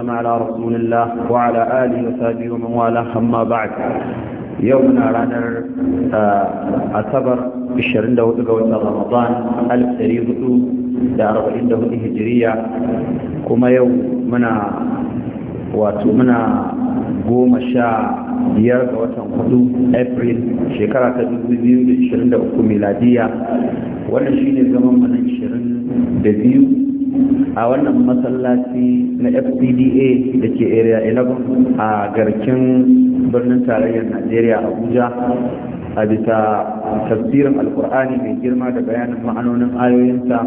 وسلم على رسول الله وعلى آله وصحبه ومن والاه أما بعد يومنا رانا أصبر 24 ga watan Ramadan 1444 Hijriya kuma yau muna wato muna goma sha biyar ga watan hudu april shekara ta 2023 miladiya wannan shine zaman mana 22 a wannan masallaci na fcda da ke area 11 a garkin birnin tarayyar najeriya abuja a bisa tafsirin alkur'ani mai girma da bayanin ma'anonin ayoyinsa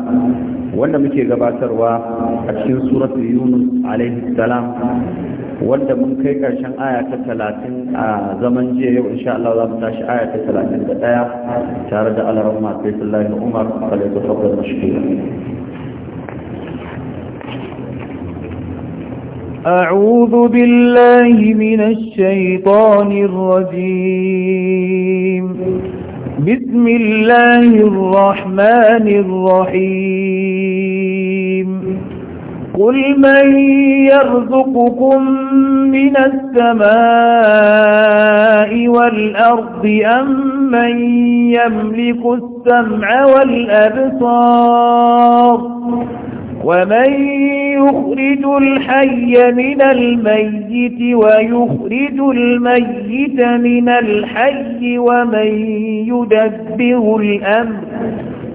wanda muke gabatarwa a cikin suratu yunus alaihi salam wanda mun kai karshen aya ta talatin a zaman jiya yau insha Allah za mu tashi aya ta talatin da ɗaya tare da alaran sai yi umar da wasallam أعوذ بالله من الشيطان الرجيم بسم الله الرحمن الرحيم قل من يرزقكم من السماء والأرض أم من يملك السمع والأبصار ومن يخرج الحي من الميت ويخرج الميت من الحي ومن يدبر الأمر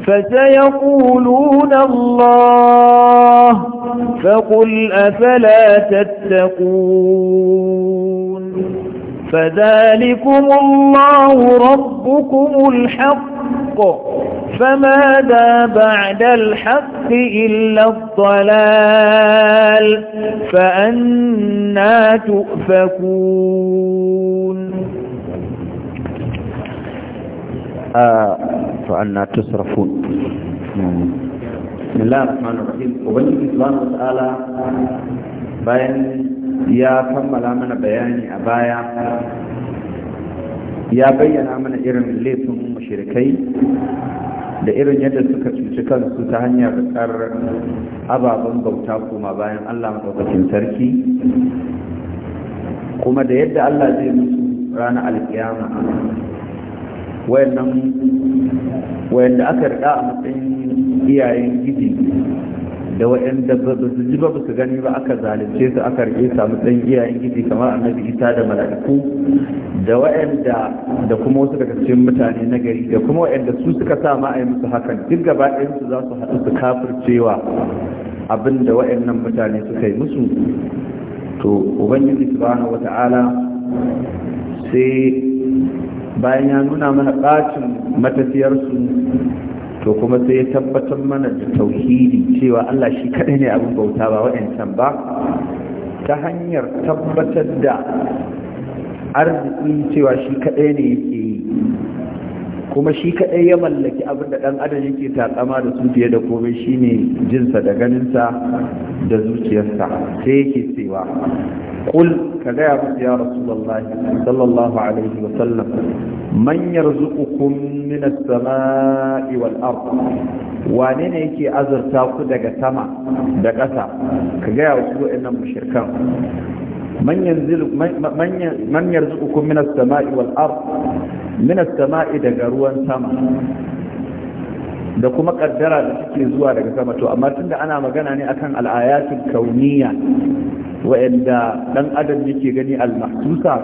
فسيقولون الله فقل أفلا تتقون فذلكم الله ربكم الحق فماذا بعد الحق إلا الضلال فأنا تؤفكون آه، فأنا تصرفون بسم الله الرحمن الرحيم وبنك إسلام وسألة بيان يا فم الأمن بياني أبايا يا بيان أمن إرم الليف مشركين da irin yadda suka cuci kansu ta hanyar rikar ababen bauta kuma bayan allah maɗaukakin sarki kuma da yadda allah zai musu ranar alkiyama wayan da aka riƙa a matsayin iyayen gidi da waɗanda ba su ji ba su gani ba aka zalunce su aka rike samu ɗan iyayen gidi kamar annabi isa da mala'iku da waɗanda da kuma wasu daga cikin mutane na gari da kuma waɗanda su suka sa ma a yi musu hakan duk gaba ɗayan su za su haɗu su kafircewa abin da waɗannan mutane suka yi musu to ubangiji subhanahu wata'ala sai bayan ya nuna mana ɓacin matafiyarsu to kuma sai ya tabbatar mana da tauhidi cewa Allah shi kaɗai ne abin bauta ba wa'ancan ba ta hanyar tabbatar da arziki cewa shi kaɗai ne yake yi kuma shi kaɗai ya mallaki abin da ɗan adam yake takama da su fiye da komai shine jinsa da ganinsa da zuciyarsa sai yake cewa Kul ka gaya musu ya rasulullah sallallahu alaihi wa sallam man yarzuqukum min as-sama'i wane ne yake azurta ku daga sama da ƙasa ka gaya wa su wa'annan mushrikan من ينزل من من يرزقكم من السماء والارض من السماء daga ruwan sama da kuma kaddara da suke zuwa daga sama to amma tunda ana magana ne akan al'ayatul kauniya wa'anda dan adam yake gani al-mahsusa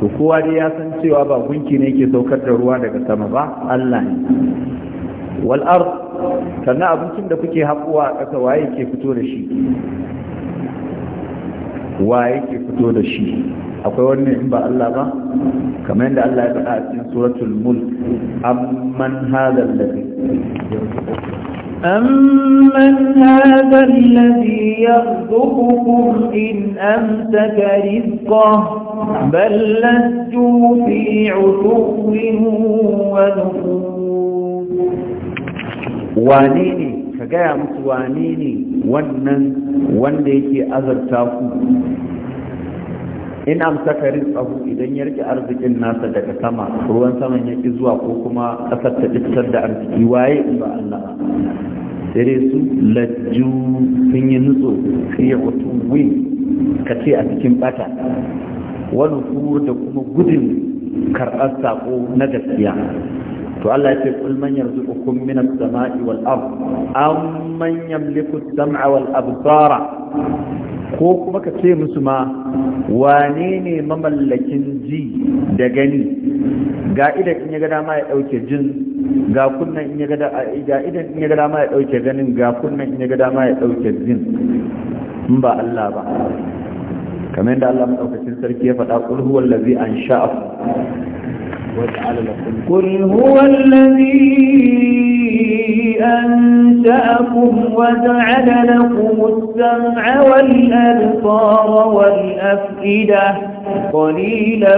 to kowa dai ya san cewa ba gunki ne yake saukar da ruwa daga sama ba Allah ne wal ard sannan abincin da kuke hakuwa a ƙasa waye ke fito da shi wa yake fito da shi akwai wani in ba Allah ba kamar yadda Allah ya faɗa a cikin suratul mulk amman hadha alladhi amman hadha alladhi yarzuqukum in amsaka rizqahu bal lastu fi 'utubin wa nufur wane ne ka gaya musu wane ne wannan wanda yake azarta ku in amsaka rizqahu idan ya rike arzikin nasa daga sama ruwan saman ya ki zuwa ko kuma kasar ta da arziki waye in ba Allah sai su lajju sun yi nutso fi Ka kace a cikin bata wani da kuma gudun karɓar sako na gaskiya to Allah ya ce kul yanzu yarzuqukum min as-sama'i wal ard am man yamliku as-sam'a wal absara ko kuma ka ce musu ma wane ne mamallakin ji da gani ga idan in ya ga dama ya dauke jin ga kunnan in ya ga ga idan in ya ga dama ya dauke ganin ga kunnan in ya ga dama ya dauke jin in ba Allah ba kamar yadda Allah madaukakin sarki ya faɗa kul huwallazi ansha'akum واجعل لكم قل هو الذي أنشأكم وجعل لكم السمع والأبصار والأفئدة قليلا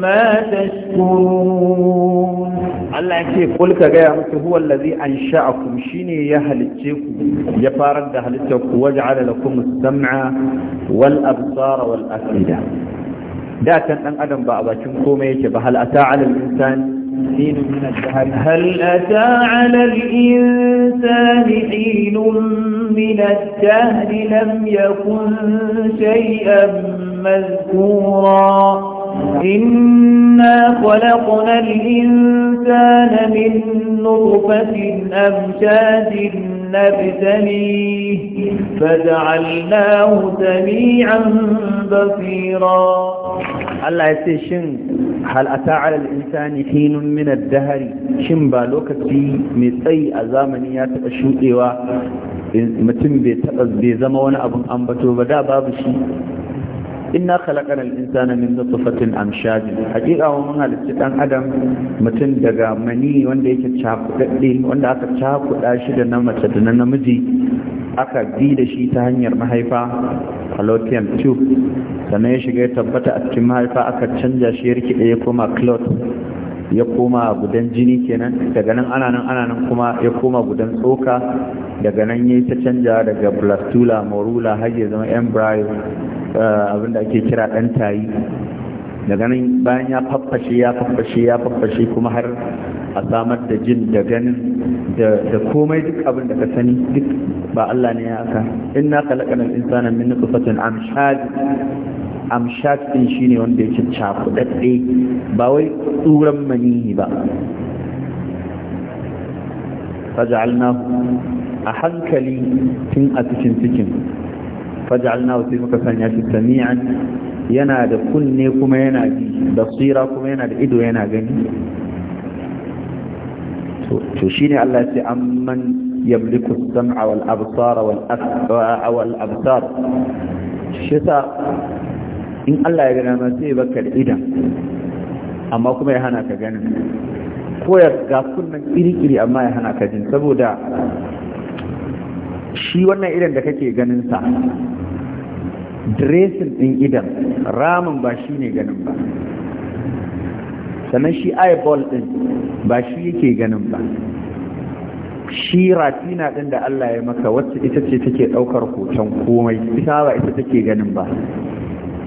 ما تشكرون Allah ya ce kul ka gaya musu huwa allazi ansha'akum shine ya halicce ku ya farar da halittar ku waja'ala lakum as-sam'a wal absara wal afida datan dan adam ba a bakin komai yake ba hal ata ala al-insan حين من الدهر هل أتى على الإنسان حين من الدهر لم يكن شيئا مذكورا إنا خلقنا الإنسان من نطفة أمشاج نبتليه فجعلناه سميعا بصيرا Allah ya ce shin hal'ata alal insani hinun minar dahari shin ba lokaci mai tsayi a zamani ya taɓa shuɗewa mutum bai zama wani abin ambato ba da babu shi inna khalaqana al-insana min nutfatin amshaj hakika mun halicci dan adam mutum daga mani wanda yake cakudadde wanda aka chakuda shi da na mace da na namiji aka bi da shi ta hanyar mahaifa fallopian tube sannan ya shiga ya tabbata a cikin mahaifa aka canja shi ya rikide ya koma clot ya koma gudan jini kenan daga nan ana nan ana nan kuma ya koma gudan tsoka daga nan ya ta canja daga blastula morula har ya zama embryo Eh, abinda ake kira ɗan tayi daga nan bayan ya faffashe ya faffashe ya faffashe kuma har a samar da jin da ganin da komai duk abin da ka sani duk ba Allah ne ya haka inna khalaqana al-insana min nutfatin amshad amshad din shine wanda yake cakudadde ba wai tsuran manihi ba faj'alna a hankali tun a cikin cikin faj'alnahu fi mukaffanyatin samian yana da kunne kuma yana ji da tsira kuma yana da ido yana gani to shine Allah sai amman yamliku as-sam'a wal absara wal aqwa wal absar shita in Allah ya gana sai baka da idan amma kuma ya hana ka gani koyar ga kunnan iri iri amma ya hana ka jin saboda shi wannan idan da kake ganin sa dressing din idan ramin ba shi ne ganin ba sannan shi eyeball din ba shi yake ganin ba shi ratina din da Allah ya maka wacce ita ce take daukar hoton komai ita ba ita take ganin ba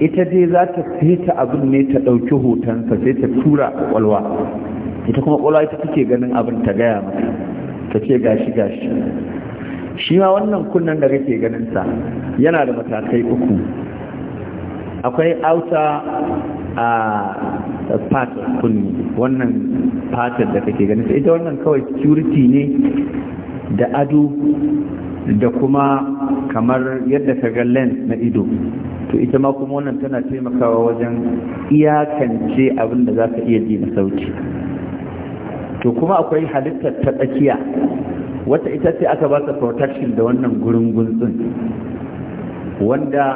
ita dai za ta fita abin ne ta dauki hotonsa sai ta tura kwalwa ita kuma kwalwa ita take ganin abin ta gaya maka ta ce gashi gashi shi ma wannan kunnen da kake ganin yana da matakai uku akwai outer a part kunni wannan part da kake ganin ita wannan kawai security ne da ado da kuma kamar yadda ka ga lens na ido to ita ma kuma wannan tana taimakawa wajen iyakance abin da za ka iya ji na sauki to kuma akwai halittar ta tsakiya wata ita ce aka ba ta protection da wannan gurin gunsun wanda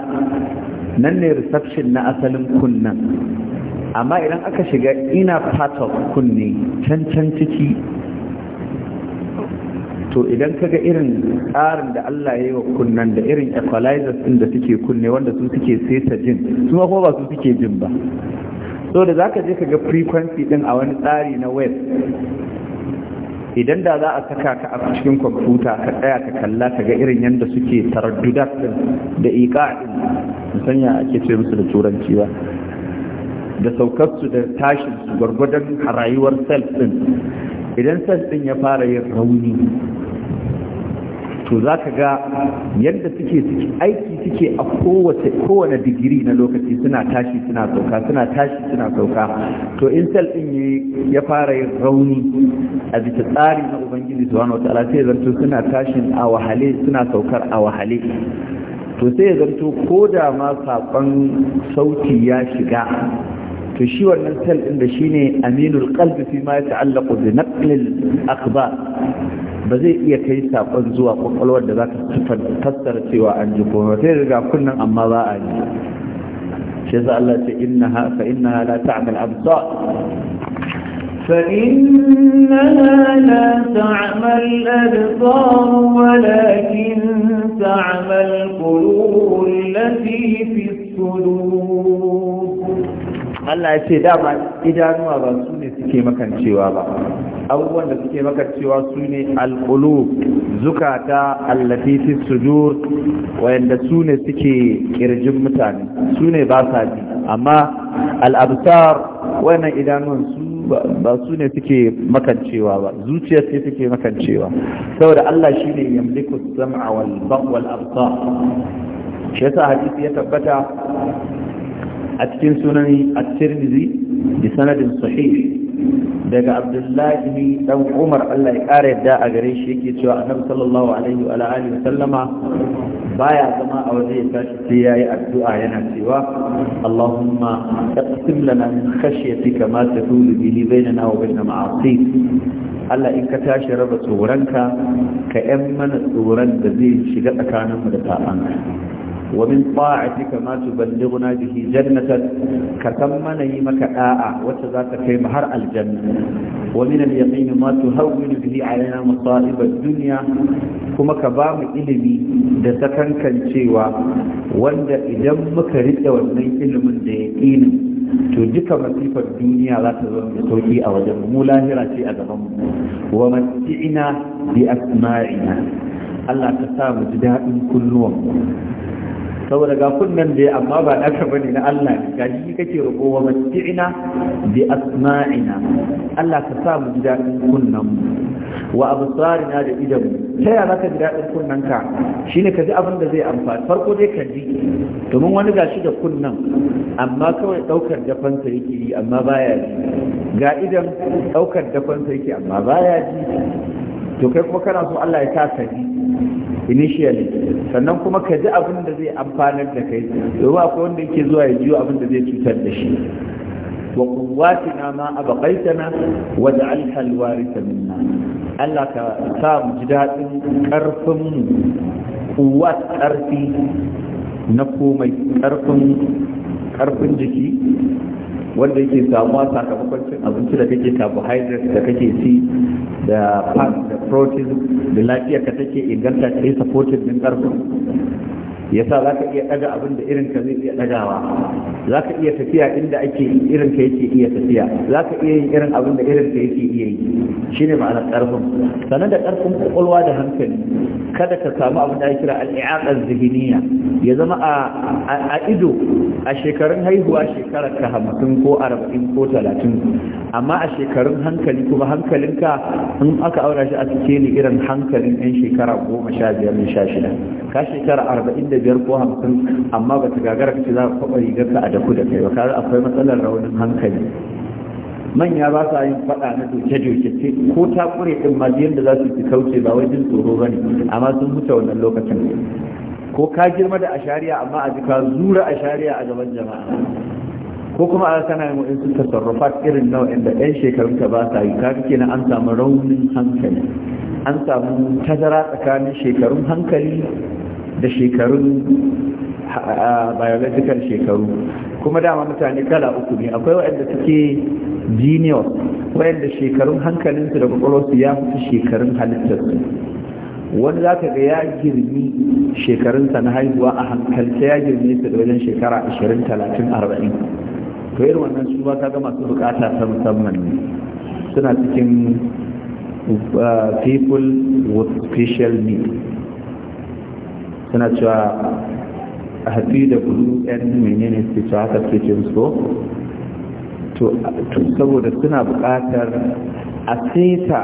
nan ne reception na asalin kunnan amma idan aka shiga ina part of kunne can can ciki to idan kaga irin tsarin da Allah ya yi wa kunnan da irin equalizers din da suke kunne wanda su suke seta jin su ma kuma ba su suke jin ba so da zaka je kaga frequency din a wani tsari na web idan da za a saka ka a cikin kwamfuta ka tsaya ka kalla ka ga irin yadda suke taraddudat din da iqa musan ya ake ce musu da turanci ba da saukar su da tashin su gwargwadon rayuwar self din idan self din ya fara yin rauni to za ka ga yadda suke aiki suke a kowane digiri na lokaci suna tashi suna sauka suna tashi suna sauka to in sel din ya fara yin rauni a bisa tsari na ubangiji wata wataala sai zanto suna tashin a wahale suna saukar a wahale to sai ya zanto ko da ma saƙon sauti ya shiga to shi wannan sel din da shine aminul qalbi fi ma ya ta'allaqu bi naqlil akhbar ba zai iya kai saƙon zuwa ƙwaƙwalwar da za ta fassara cewa an ji kuma sai riga kunnan amma ba a yi. shi yasa Allah ce innaha fa innaha la ta'mal absar فإنها لا تعمى الأبصار walakin تعمى القلوب التي في الصدور Allah ya ce dama idanuwa ba su ne suke makancewa ba abubuwan da suke makancewa su ne alƙulu zukata allafi fi wayanda su ne suke kirjin mutane su ne ba sa ji amma al'absar wannan idanuwan su ba su ne suke makancewa ba zuciya sai suke makancewa saboda Allah shi ne yamliku sam'a wal absar shi yasa hadisi ya tabbata a cikin sunan at-tirmidhi bi sanadin sahih daga abdullahi ne dan umar allah ya kara yadda a gare shi yake cewa annabi sallallahu alaihi wa alihi wa sallama baya zama a waje ya tashi sai yayi addu'a yana cewa allahumma aqsim lana min khashyatika ma tahulu bihi bainana wa bain ma'asik allah in ka tashi raba tsoronka ka yan mana tsoron da zai shiga tsakaninmu da ta'anka ومن طاعتك ما تبلغنا به جنة كتمنا يمك آآ وتذات في مهر الجنة ومن اليقين ما تهون به علينا مصائب الدنيا كما كبام إلمي دسكن كان شيوا وند إدم كرد وزنين إلم ديئين to duka masifar duniya za ta zama da sauki a wajen mu lahira ce a gaban mu wa mati'ina bi asma'ina Allah ta sa mu ji daɗin kulluwan saboda ga kunnan dai amma ba ɗaka bane na Allah ne ga shi kake roƙo wa matti'ina bi asma'ina Allah ka sa mu ji daɗin kunnan mu wa absarina da idan ta yaya ka ji daɗin kunnan ka shine ka ji abin da zai amfani farko dai ka ji domin wani gashi da kunnan amma kawai ɗaukar dafan sa yake yi amma baya ji ga idan ɗaukar dafan sa yake amma baya ji to kai kuma kana so Allah ya sa ka ji initially sannan kuma ka ji abin da zai amfanar da kai domin akwai wanda yake zuwa ya jiyo abin da zai cutar da shi wa kuwatina ma abaqaitana wa ja'alha alwaritha minna Allah ka sa mu ji dadin karfin kuwat karfi na komai karfin karfin jiki wanda yake samuwa sakamakon cin abinci da kake carbohydrates da kake ci da fat da protein da lafiya ka take inganta ta yi safotin din karfin yasa za ka iya ɗaga abin da irinka zai iya ɗagawa za ka iya tafiya inda ake irinka yake iya tafiya za ka iya yin irin abin da irinka yake iya yi shi ne ma'anar ƙarfin sannan da ƙarfin ƙwaƙwalwa da hankali kada ka samu abin da ake kira al'i'aƙar zihiniya ya zama a ido a shekarun haihuwa shekarar ka hamsin ko arba'in ko talatin amma a shekarun hankali kuma hankalinka in aka aura shi a cikin irin hankalin 'yan shekara goma sha biyar sha shida ka shekara arba'in da biyar ko hamsin amma ba ta gagara ce za ka kwaɓa rigarka a daku da kai ba kare akwai matsalar raunin hankali manya ba sa yin faɗa na doke-doke ce ko ta kure ɗin ma yadda za su fi kauce ba wai jin tsoro ba ne amma sun huta wannan lokacin ko ka girma da ashariya amma a ji ka zura ashariya a gaban jama'a ko kuma a kana yin sun tasarrufat irin nau'in da ɗan shekarun ka ba sa yi ka kenan an samu raunin hankali an samu tazara tsakanin shekarun hankali da shekarun biological shekaru kuma dama mutane kala uku ne akwai waɗanda suke genius waɗanda shekarun hankalinsu da kwakwalwarsu ya fi shekarun halittarsu wani za ka ga ya girmi shekarunsa na haihuwa a hankalce ya girmi su da wajen shekara 20 30 40 to irin wannan su ba ka ga masu bukata ta musamman ne suna cikin uh, people with special needs suna cewa a hafi da gudu yan menene su cewa aka ce ce musu to saboda suna bukatar a saita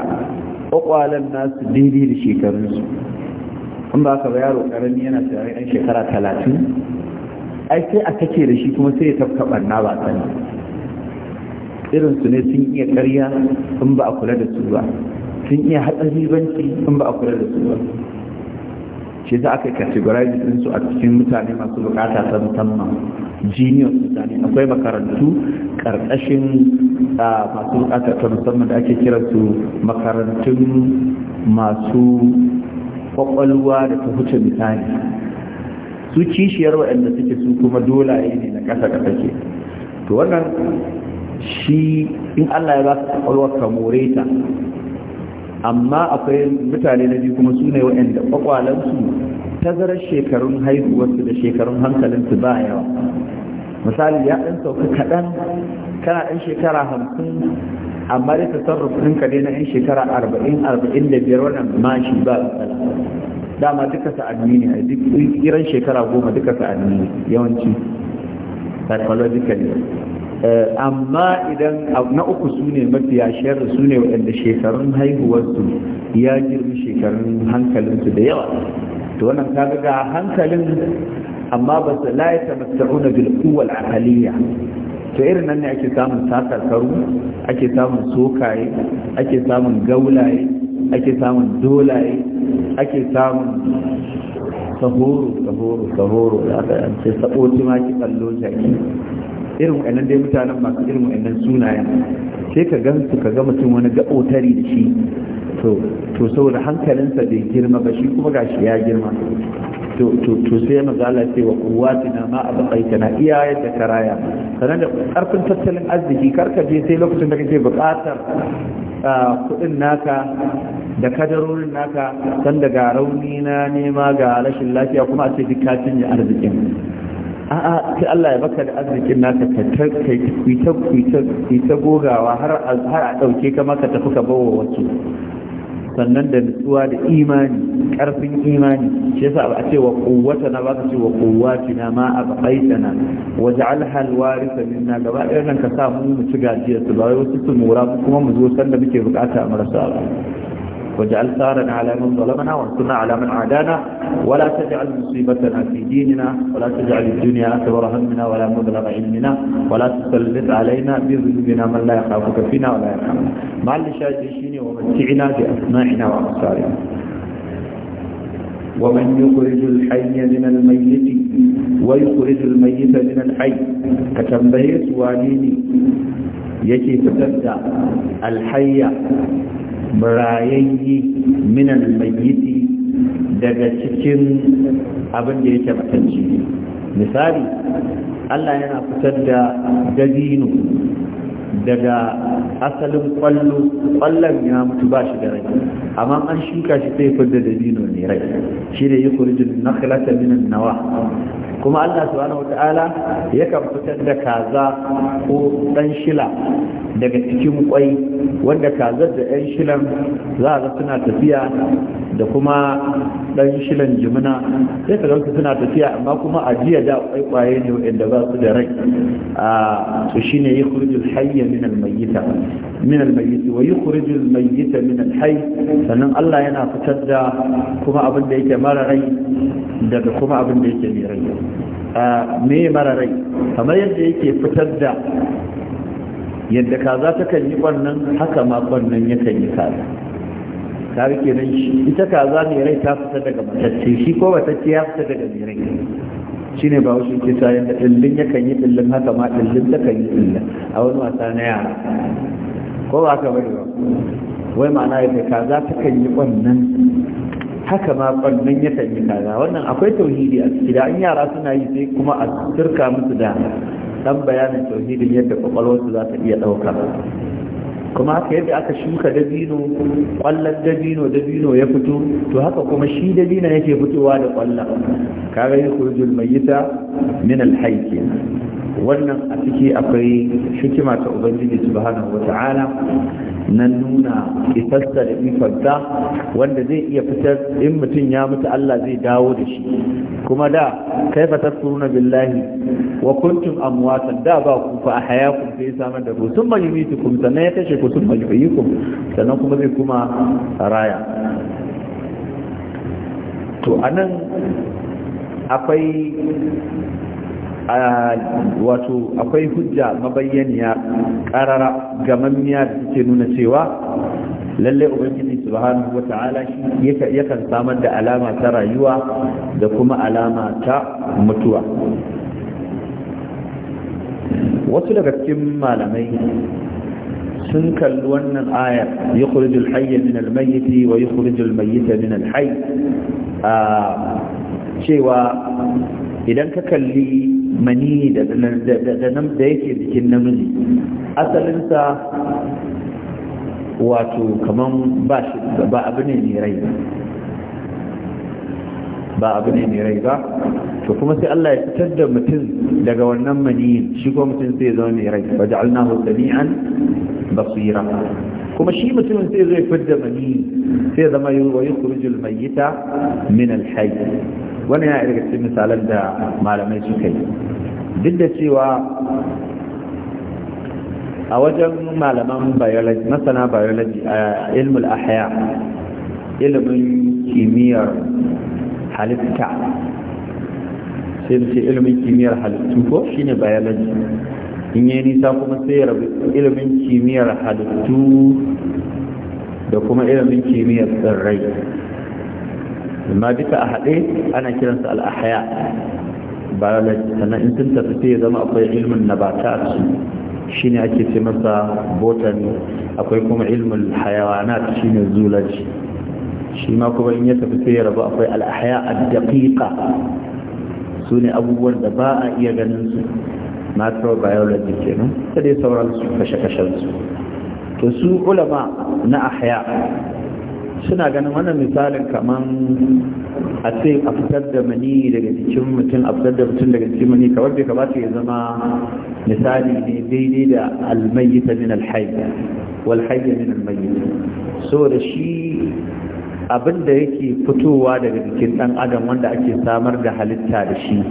kwakwalen nasu daidai da shekarunsu in ba ka ba yaro ƙarami yana tsaye yan shekara talatin ai sai a take da shi kuma sai ya tafka na ba sani irin su ne sun iya karya in ba a kula da su ba sun iya hatsari banki in ba a kula da su ba shi za aka categorize din su a cikin mutane masu bukata ta musamman genius mutane akwai makarantu karkashin masu bukata ta musamman da ake kira su makarantun masu kwakwalwa da ta huce misali su kishiyar waɗanda suke su kuma dola ne na ƙasa da take to wannan shi in Allah ya ba su kwakwalwa ka amma akwai mutane na biyu kuma su ne waɗanda kwakwalansu tazarar shekarun haihuwarsu da shekarun hankalinsu ba yawa misali ya ɗan sauka kaɗan kana ɗan shekara hamsin amma dai tasarrufin ka ne na ɗan shekara arba'in arba'in da biyar wannan mashi ba dama duka sa'admi ne a duk kiran shekara goma duka sa'admi yawanci psychologically Eh, amma idan na uku sune ne mafiya shayar su ne waɗanda shekarun haihuwarsu ya girmi shekarun hankalinsu da yawa to wannan ta ga hankalin amma ba su la ya tamatta'una na quwwal aqaliyya to irin nan ne ake samun takarkaru ake samun sokaye ake samun gaulaye ake samun dolaye ake samun sahoro sahoro sahoro da aka ce saboti ma ki kallo jaki irin wa'annan dai mutanen masu irin wa'annan sunayen sai ka gan ka ga mutum wani gaɓotari da shi to to saboda hankalinsa bai girma ba shi kuma gashi ya girma to to to sai mazala ce wa na ma na iya yadda karaya sanan da karfin tattalin arziki karka je sai lokacin da kake buƙatar kudin naka da kadarorin naka sanda ga rauni na nema ga rashin lafiya kuma a ce duk ka arzikin a'a sai Allah ya baka da arzikin naka ka ta ta gogawa har a ɗauke ka maka tafi ka bawa wacce. sannan da nutsuwa da imani karfin imani shi yasa a ce wa quwwata na baka ce wa quwwati na ma a baitana wa ja'al hal warisa minna gaba ɗaya nan ka sa mu mu ci gajiyar su ba wai wasu su mura kuma mu zo sanda muke bukata a marasa ba واجعل ثارنا على من ظلمنا وانصرنا على من عادانا ولا تجعل مصيبتنا في ديننا ولا تجعل الدنيا أكبر همنا ولا مبلغ علمنا ولا تسلط علينا بذنوبنا من لا يخافك فينا ولا يرحمنا مع الشاجشين ومتعنا بأسماعنا وأبصارنا ومن يخرج الحي من الميت ويخرج الميت من الحي كتنبيه واليني يكي فتبدا الحي rayayye minan mayiti daga cikin abin da yake matacce misali Allah yana fitar da dabino daga asalin kwallo kwallon ya mutu ba shi da rai amma an shuka shi sai fitar da dabino ne rai shi da yi kurjin nakhlata minan nawa kuma Allah subhanahu wata'ala yakan fitar da kaza ko ɗan shila daga cikin kwai wanda kazar da yan shilan za a suna tafiya da kuma dan shilan jimina sai ka gansu suna tafiya amma kuma a jiya da kwaikwaye ne wanda ba su da rai a to shine yukhrijul hayya min mayyita min al-mayyit wa yukhrijul mayyita min al sannan Allah yana fitar da kuma abin da yake mara rai daga kuma abin da yake mai rai a me mararai kamar yadda yake fitar da yadda kaza ta kan yi kwannan haka ma kwannan ya kan yi kaza ta rike nan shi ita kaza mai rai ta fita daga matacce shi ko matacce ya fita daga mai rai shi ne ba wasu ke sa yadda ɗillin ya kan yi ɗillin haka ma ɗillin ta kan yi ɗillin a wani wasa na yara ko ba ka bari ba wai ma'ana yadda kaza ta kan yi kwannan haka ma ɓannan ya sanyi kaza wannan akwai tauhidi a ciki da an yara suna yi sai kuma a turka musu da dan bayanin tauhidin yadda kwakwalwarsu za ta iya ɗauka kuma haka yadda aka shuka dabino kwallon dabino dabino ya fito to haka kuma shi dabino yake fitowa da kwallon kaga ya kurjul mayyita min wannan a ciki akwai shikima ta ubangiji subhanahu wata'ala na nuna isassa da ikonta wanda zai iya fitar in mutum ya mutu Allah zai dawo da shi kuma da kaifa suruna billahi wa kuntum amwatan da ba ku fa ahyakum sai samar da ku sun mayyitu kum sannan ya kashe ku sun sannan kuma zai kuma raya to anan akwai wato akwai hujja mabayyaniya karara gamammiya da take nuna cewa lalle ubangiji subhanahu wata'ala shi yakan samar da alama ta rayuwa da kuma alama ta mutuwa wasu daga cikin malamai sun kalli wannan aya yukhrijul hayya min al-mayyit wa yukhrijul mayyita min al-hayy a cewa idan ka kalli mani da da yake jikin namiji asalinsa wato kaman ba shi ba abu ne mai rai ba abu ne mai rai ba to kuma sai Allah ya fitar da mutum daga wannan maniyin shi kuma mutum sai zama mai rai wa ja'alnahu sami'an basira kuma shi mutum sai zai fitar da maniyi sai zama wa yukhrijul mayyita min al-hayy wannan yana daga cikin misalan da malamai suka yi duk da cewa a wajen malaman biology masana biology a ilmul ahya ilimin kimiyyar halitta sai ce ilimin kimiyyar halittu ko ne biology in yi nisa kuma sai rabu ilimin kimiyyar halittu da kuma ilimin kimiyyar tsirrai amma duka a haɗe ana kiransa al'ahaya biology sannan in sun tafi sai zama akwai ilimin nabata su shi ne ake ce masa botany akwai kuma ilimin hayawanat ne zoology shi ma kuma in ya tafi sai ya rabu akwai al'ahaya a daƙiƙa su ne abubuwan da ba a iya ganin su microbiology nan, da dai sauransu kashe-kashensu to su ulama na ahya suna ganin wannan misalin kamar a ce a fitar da mani daga cikin mutum a fitar da mutum daga cikin mani kawar bai kamata ya zama misali ne daidai da almayyita min alhayya walhayya min almayyita so da shi abin da yake fitowa daga jikin ɗan adam wanda ake samar da halitta da shi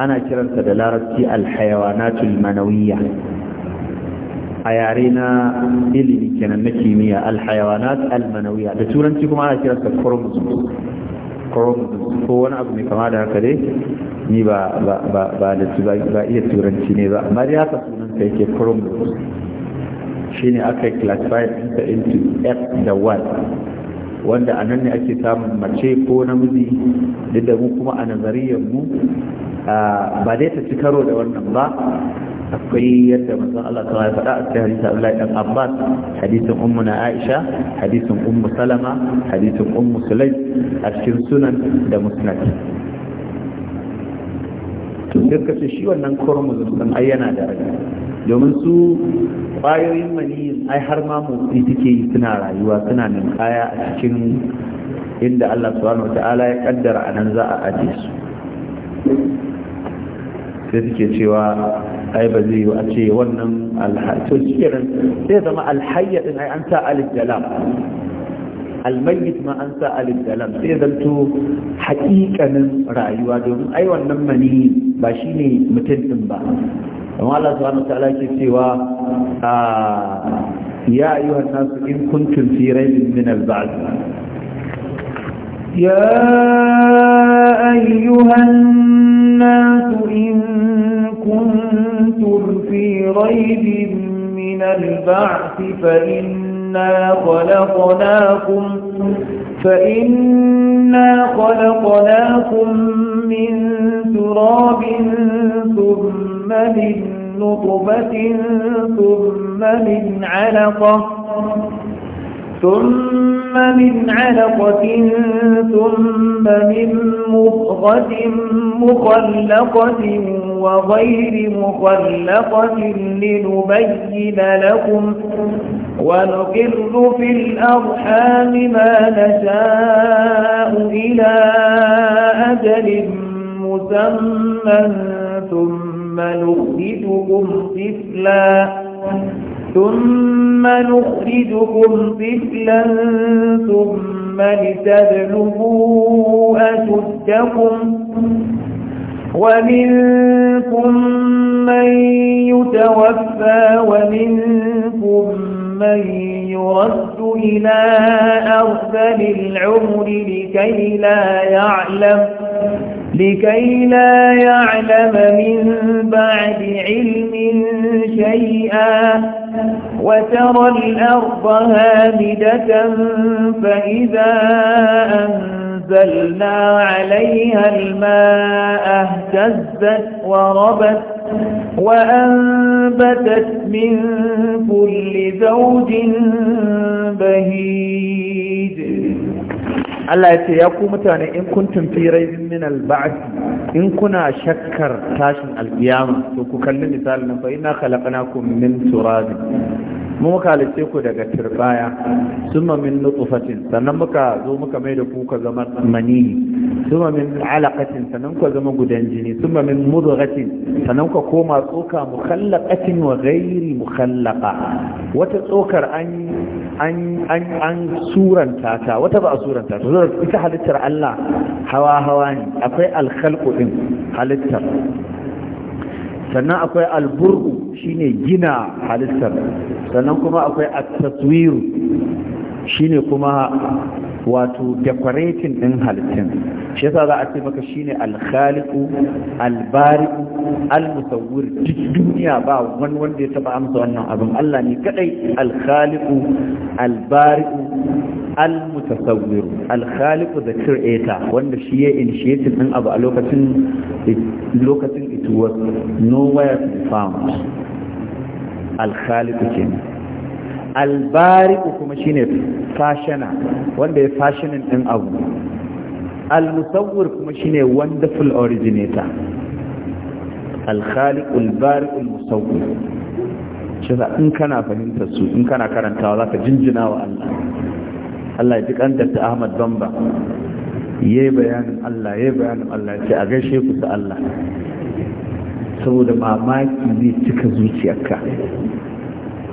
ana kiransa da larabci alhayawanatul manawiyya a yare na ilimi kenan na kimiyya alhayawanat almanawiyya da turanci kuma ana kiransa chromosomes chromosomes ko wani abu mai kama da haka dai ni ba ba da ba iya turanci ne ba amma dai haka sunanta yake chromosomes shine aka classify into x da y wanda a ne ake samun mace ko namiji duk da mu kuma a nazariyar mu ba dai ta ci karo da wannan ba akwai yadda manzon Allah ta ya faɗa a cikin hadisin Allah dan Abbas hadisin ummu na Aisha hadisin ummu Salama hadisin ummu Sulais, a cikin sunan da musnad to duka ce shi wannan chromosome din ai yana da rai domin su ƙwayoyin maniyin ai har ma motsi suke yi suna rayuwa suna kaya a cikin inda Allah subhanahu wata'ala ya kaddara a nan za a aje su sai suke cewa ai ba zai yi a ce wannan alhaji to shi sai zama alhayya din ai an sa alif da lam الميت ما أنسى الإسلام سيدان تو حقيقة من رأيوا دون أي وانم باشيني متن تنبا الله سبحانه وتعالى كيسيوا آه، يا أيها الناس إن كنتم في ريب من البعض يا أيها الناس إن كنتم في ريب من البعث فإن فإنا خلقناكم فإنا خلقناكم من تراب ثم من نطفة ثم من علقة ثم من علقة ثم من مخغة مخلقة وغير مخلقة لنبين لكم ونقر في الأرحام ما نشاء إلى أجل مسمى ثم نخرجكم طفلا ثم ثم نخرجكم طفلا ثم لتبلغوا أشدكم ومنكم من يتوفى ومنكم من يرد إلى أرسل العمر لكي لا يعلم لكي لا يعلم من بعد علم شيئا وترى الأرض هامدة فإذا أنزلنا عليها الماء اهتزت وربت وأنبتت من كل زوج بهيج Allah ya ce ya ku mutane in kuntum fi raibin min al-ba'th in kuna shakkar tashin al-qiyama to ku kalli misalin nan fa inna khalaqnakum min turab mu muka halice ku daga turbaya summa min nutfatin sannan muka zo muka mai da ku ka zama mani summa min alaqatin sannan ku zama gudan jini summa min mudghatin sannan ku koma tsoka mukhallaqatin wa ghairi mukhallaqa wata tsokar an an suranta ta wata ba a suranta ta zuwa ita halittar Allah hawa hawa ne akwai alkhalqu din halittar sannan akwai alburu shine gina halittar sannan kuma akwai at-taswiru shine kuma wato decorating ɗin halittun shi yasa za a ce maka shine ne khaliqu al duk duniya ba wani wanda ya taba amsa wannan abin Allah ne kadai alkhaliku albariku, al alkhaliku the creator wanda shi ya initiate din abu a lokacin lokacin it was nowhere found alkhaliku kenan albari'u kuma shine fashana wanda ya fashinin din abu almusawwir kuma shine wonderful originator alkhaliq albari almusawwir shi da in kana fahimtar su in kana karantawa zaka jinjina wa Allah Allah ya ji kantar ta Ahmad Bamba yayi bayanin Allah yayi bayanin Allah ce a gaishe ku ta Allah saboda mamaki zai cika zuciyarka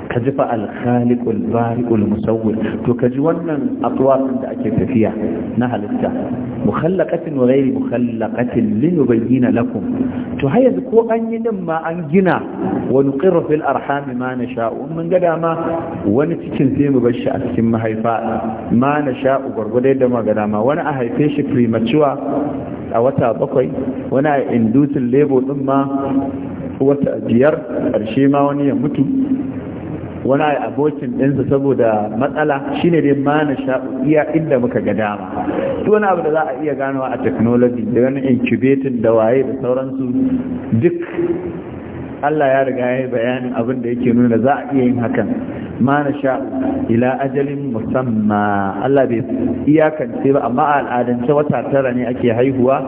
ka ji fa alkhaliqul bari'ul musawwir to ka ji wannan atwar da ake tafiya na halitta mukhallaqatin wa ghairi mukhallaqatin linubayyana lakum to har yanzu ko an yi din ma an gina wa nuqirru fil arham ma nasha'u mun ga dama wani cikin sai mu bar shi a cikin mahaifa ma nasha'u gurgurda da mu ga dama wani a haife shi premature a wata bakwai wani a inducing labor din ma wata biyar ƙarshe ma wani ya mutu wani abokin ɗinsa saboda matsala shine dai ma na sha'u inda muka ga dama duk wani abu da za a iya ganowa a technology da wani incubating da waye da sauransu duk Allah ya riga ya yi bayanin abin da yake nuna za a iya yin hakan ma na sha ila ajalin musamma Allah bai iyakance ba amma al'adance wata tara ne ake haihuwa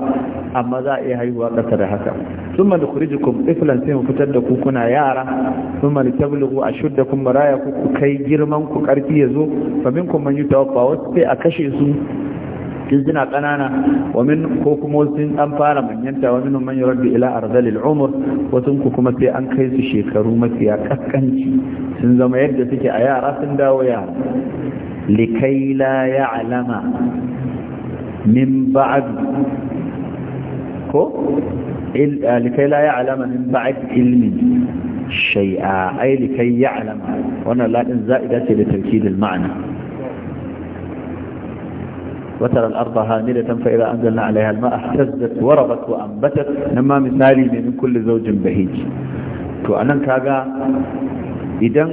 amma za a iya haihuwa ƙasa da haka sun kuriji nukhrijukum ifilan sai mu fitar da ku kuna yara sun a shudda kun maraya ku kai girman ku karfi yazo fa minkum man yutawaffa wasu sai a kashe su kizina kanana wa min ko kuma sun an fara manyanta wa min man yuraddu ila arzalil umur wasun ku kuma sai an kai su shekaru mafiya kaskanci sun zama yadda suke a yara sun dawo yara likai la ya'lama min ba'd ko likai la ya'lama min ba'd ilmi shay'a ay likai ya'lama wannan ladin za'ida ce da tawkidil ma'ana وترى الأرض هاملة فإذا أنزلنا عليها الماء احتزت وربت وأنبتت نما مثالي من كل زوج بهيج to anan kaga idan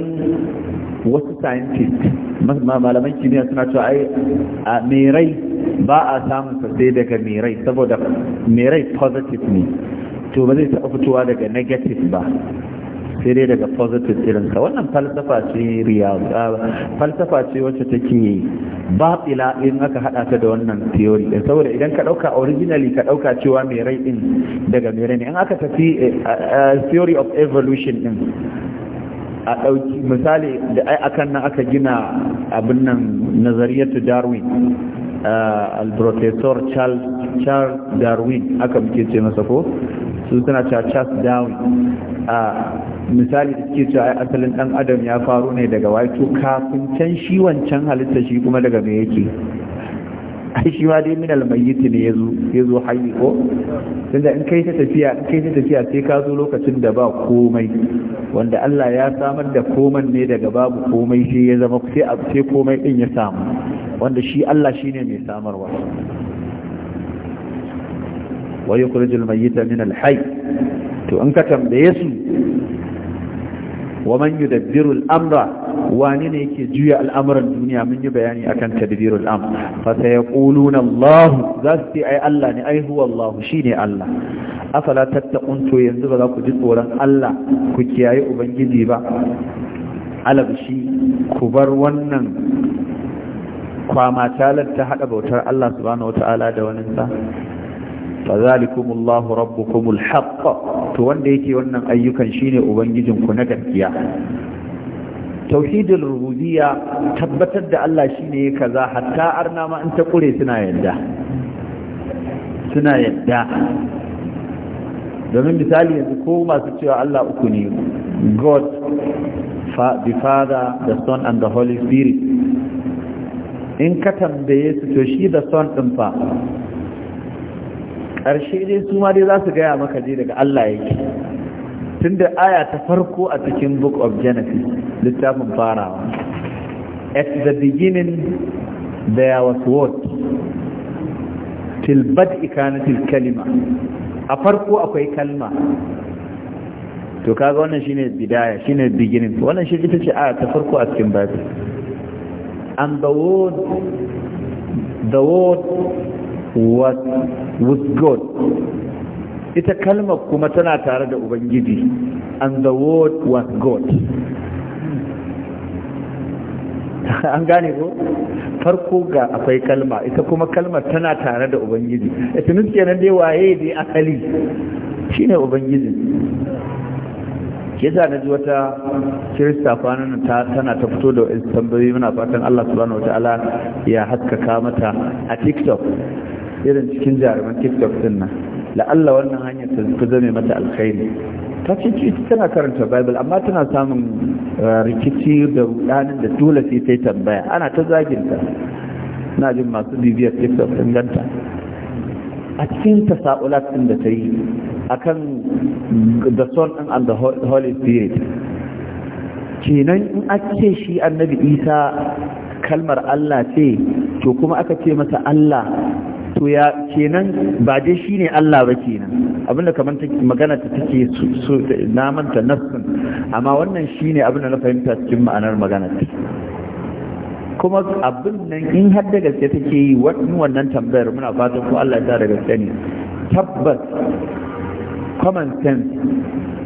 wasu scientist malaman kimiyya suna cewa ai a merai ba a samun sai daga merai saboda merai positive ne to ba zai taɓa fitowa daga negative ba sai dai daga positive irinsa wannan falsafa ce falsafa ce wacce take babila in aka hada ta da wannan theory din saboda idan ka dauka originally ka dauka cewa mai rai din daga mai rai ne in aka tafi eh, theory of evolution din a ɗauki misali da ai akan nan aka gina abin nan nazariyatu darwin al-professor charles charles darwin aka muke ce masa ko su tana cewa charles darwin misali da suke cewa asalin dan adam ya faru ne daga wato kafin can shi wancan halitta shi kuma daga me yake ai shi ma dai min almayyit ne yazo yazo hayyi ko tunda in kai ta tafiya in kai ta tafiya sai ka zo lokacin da ba komai wanda Allah ya samar da koman ne daga babu komai sai ya zama sai a sai komai din ya samu wanda shi Allah shine mai samarwa wa yukhrijul mayyita min alhayy to in ka tambaye su wa man yudabbiru al-amra wani ne yake juya al'amuran duniya mun yi bayani akan tadbiru al-amr fa sayaquluna Allah zasti ai Allah ne ai huwa Allah shine Allah afala tattaqun to yanzu ba za ku ji tsoron Allah ku kiyaye ubangiji ba shi ku bar wannan kwama talar ta hada bautar Allah subhanahu wataala da waninsa fa zalikumullahu rabbukumul haqq to wanda yake wannan ayyukan shine ubangijin ku na gaskiya tauhidul rububiyya tabbatar da Allah shine kaza hatta arna ma in ta kure suna yadda suna yadda domin misali yanzu ko masu cewa Allah uku ne God the Father the Son and the Holy Spirit in ka tambaye su to shi da Son din fa ƙarshe dai su ma dai za su gaya maka dai daga Allah yake tun da aya ta farko a cikin book of genesis littafin farawa at the beginning there was word til Ikana til kalima a farko akwai kalma to kaga wannan shine bidaya shine beginning wannan shi ita ce aya ta farko a cikin bible and the word the word with God ita kalmar kuma tana tare da ubangiji and the word was God an gane ko farko ga akwai kalma ita kuma kalmar tana tare da ubangiji ita nuke nan dai waye da asali shine ubangiji kisa na ji wata kirista kwanan ta tana ta fito da tambayoyi muna fatan Allah subhanahu wataala ya haskaka mata a TikTok irin cikin jaruman tiktok din nan la'alla wannan hanyar ta fi zame mata alkhairi ta ce ita tana karanta bible amma tana samun eh, rikici da rudanin da dole sai ta tambaya ana ta zaginta na jin masu bibiyar tiktok din ganta a cikin tasa'ulat din da ta yi akan the son and the holy spirit kenan in ake shi annabi isa kalmar Allah ce to kuma aka ce masa Allah to ya kenan ba dai shine Allah ba kenan abinda kamar take magana ta take so na manta nafsin amma wannan shine abinda na fahimta cikin ma'anar magana ta kuma abin nan in har da gaske take yi wannan tambayar muna fatan ko Allah ya sa da gaske ne tabbas common sense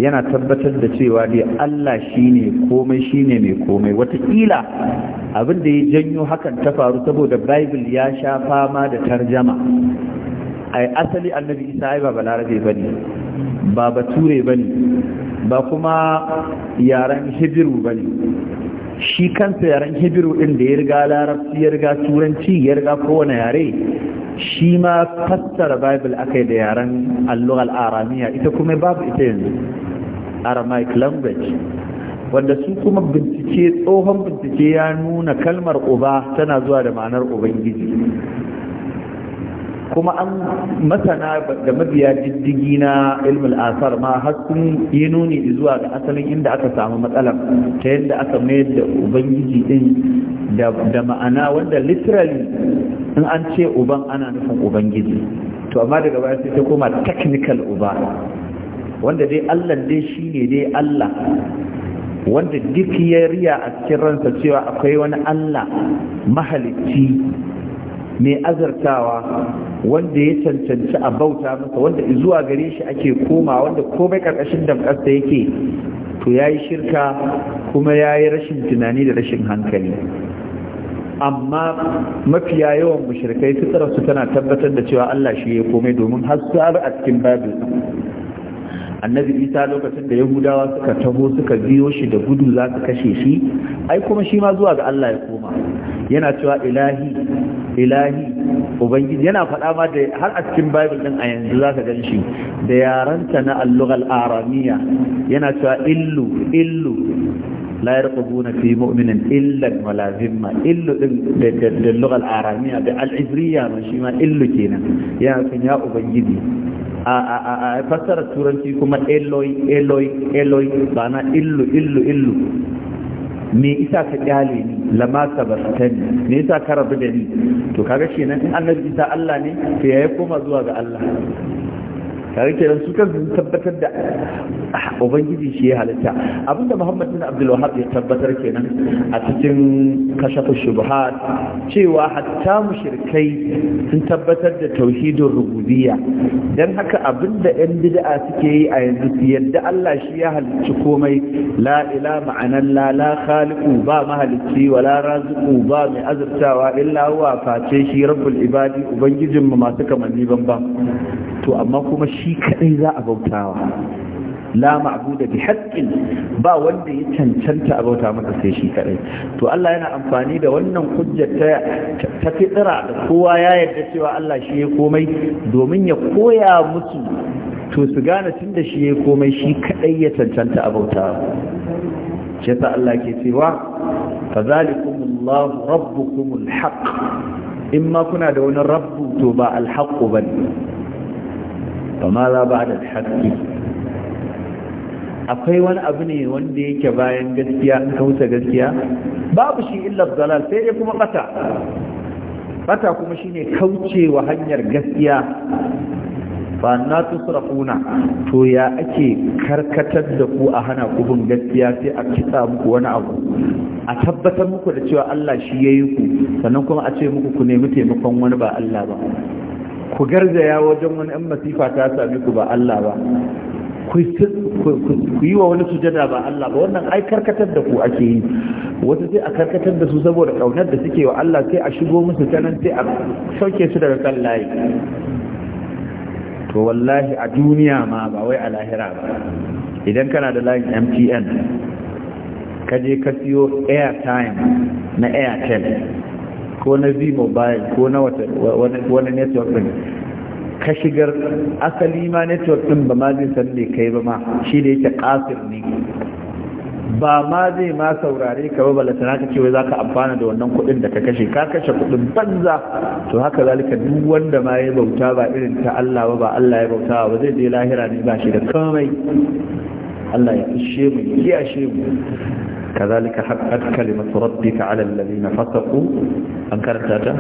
yana tabbatar da cewa dai Allah shine komai shine mai komai watakila abin da ya janyo hakan ta faru saboda bible ya sha fama da tarjama ai asali annabi isa ai ba balarabe bane ba bature bane ba kuma yaren hijiru bane shi kansa yaren hibiru ɗin da ya riga larabci ya riga turanci ya riga kowane yare shi ma fassara bible aka yi da yaren allughal aramiya ita kuma babu ita yanzu aramaic language wanda su kuma bincike tsohon bincike ya nuna kalmar uba tana zuwa da ma'anar ubangiji kuma an masana da mabiya diddigi na ilmul asar ma har sun yi nuni zuwa ga asalin inda aka samu matsalar ta yadda aka mayar da ubangiji din da ma'ana wanda literally in an ce uban ana nufin ubangiji to amma daga baya sai ta koma technical uba wanda dai allah dai shine dai allah wanda duk ya riya a cikin ransa cewa akwai wani allah mahalicci mai azartawa wanda ya cancanci a bauta masa wanda zuwa gare shi ake koma wanda komai karkashin damkasta yake to ya yi shirka kuma ya yi rashin tunani da rashin hankali amma mafiya yawan mushrikai fitararsu tana tabbatar da cewa Allah shi ya komai domin har a cikin babu annabi isa lokacin da yahudawa suka taho suka biyo shi da gudu za su kashe shi ai kuma shi ma zuwa ga Allah ya koma yana cewa ilahi ilahi ubangiji yana faɗa ma da har a cikin bible din a yanzu zaka gan shi da yaranta na allugal aramiya yana cewa illu illu la yarqubuna fi mu'minin illa wala zimma illu din da lugal aramiya da al-ibriya ma shi ma illu kenan yana cewa ya ubangiji a a a a fassara turanci kuma eloi eloi eloi ba na illu illu illu me isa ka kyale ni lama sabastani me isa ka rabu da ni to kaga kenan in annabi isa Allah ne to yayi koma zuwa ga Allah tare kenan su kan sun tabbatar da ubangiji shi ya halitta abinda muhammad bin abdul wahab ya tabbatar kenan a cikin kashafu shubhat cewa hatta mushrikai sun tabbatar da tauhidin rububiyya dan haka abinda yan bid'a suke yi a yanzu yadda Allah shi ya halicci komai la ila ma'anan la la khaliqu ba mahalicci wala raziqu ba mai azurtawa illa huwa face shi rabbul ibadi ubangijin mu masu kamanni banban to amma kuma shi kadai za a bautawa la ma'buda bi haqqin ba wanda ya cancanta a bauta masa sai shi kadai to Allah yana amfani da wannan hujjar ta ta fitira da kowa ya yarda cewa Allah shi ya komai domin ya koya musu to su gane tun da shi ya komai shi kadai ya cancanta a bauta shi ta Allah ke cewa fa zalikumullahu rabbukumul haq in ma kuna da wani rabbu to ba alhaqqu bane kamala ba da haƙƙi akwai wani abu ne wanda yake bayan gaskiya in ka wuce gaskiya babu shi illa dalal sai dai kuma bata bata kuma shine kaucewa hanyar gaskiya ba na tusrafuna to ya ake karkatar da ku a hana ku bin gaskiya sai a kitsa muku wani abu a tabbatar muku da cewa Allah shi yayi ku sannan kuma a ce muku ku nemi taimakon wani ba Allah ba ku garzaya wajen wani ɗan masifa ta sami ku ba Allah ba ku yi wa wani sujada ba Allah ba wannan ai karkatar da ku ake yi wasu sai a karkatar da su saboda kaunar da suke wa Allah sai a shigo musu ta nan sai a sauke su daga kan layi to wallahi a duniya ma ba wai a lahira ba idan kana da layin MTN ka je ka siyo airtime na airtel ko na v-mobile ko na wani network ɗin ka shigar asali ma network ɗin ba ma zai san ne kai ba ma shi da yake kasir ne ba ma zai ma saurare ka ba na ka cewa za ka amfana da wannan kuɗin da ka kashe ka kashe kuɗin banza to haka zalika duk wanda ma ya bauta ba irin ta Allah ba ba Allah ya bauta ba zai je lahira ne ba shi da komai Allah ya ishe mu ya ishe mu كذلك حقت كلمة ربك على الذين فسقوا أنكرت هذا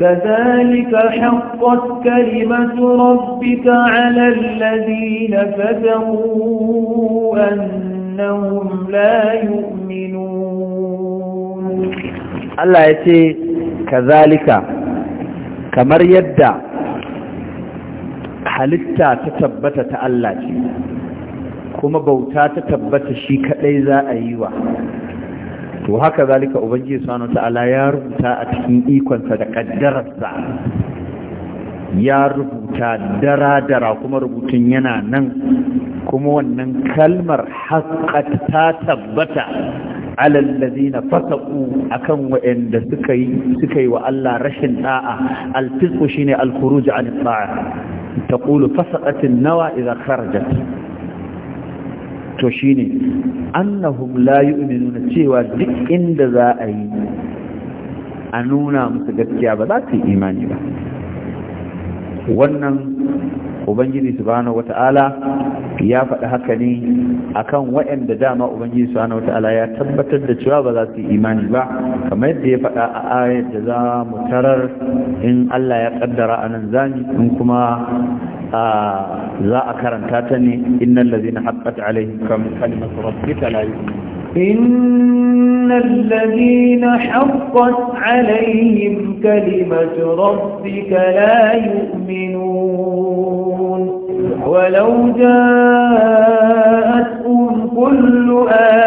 كذلك حقت كلمة ربك على الذين فسقوا أنهم لا يؤمنون الله يتي كذلك كمر يدى halitta ta tabbata kuma bauta ta tabbata shi kadai za a yi wa to haka zalika ubangiji subhanahu ta'ala ya rubuta a cikin ikonsa da kaddararsa ya rubuta dara-dara kuma rubutun yana nan kuma wannan kalmar haƙƙat ta tabbata alallazi na fasaku a kan waɗanda suka yi wa Allah rashin ɗa'a alfisku shi ne alkuruji an ta'a ta ƙulu fasakatin nawa idan kharajat to shine annahum ne nuna cewa duk inda za a yi a nuna musu gaskiya ba za su yi imani ba wannan ubangiji subhanahu wata'ala ya faɗi haka ne akan waɗanda dama ubangiji subhanahu wata'ala ya tabbatar da cewa ba za su yi imani ba kamar yadda ya faɗa a ayar da za mu tarar in Allah ya ƙaddara a nan zani in kuma za a تاتني إن الذين حقت عليهم haqqat alaihim kalimatu rabbika la إن الذين حقت عليهم كلمة ربك لا يؤمنون ولو جاءتهم كل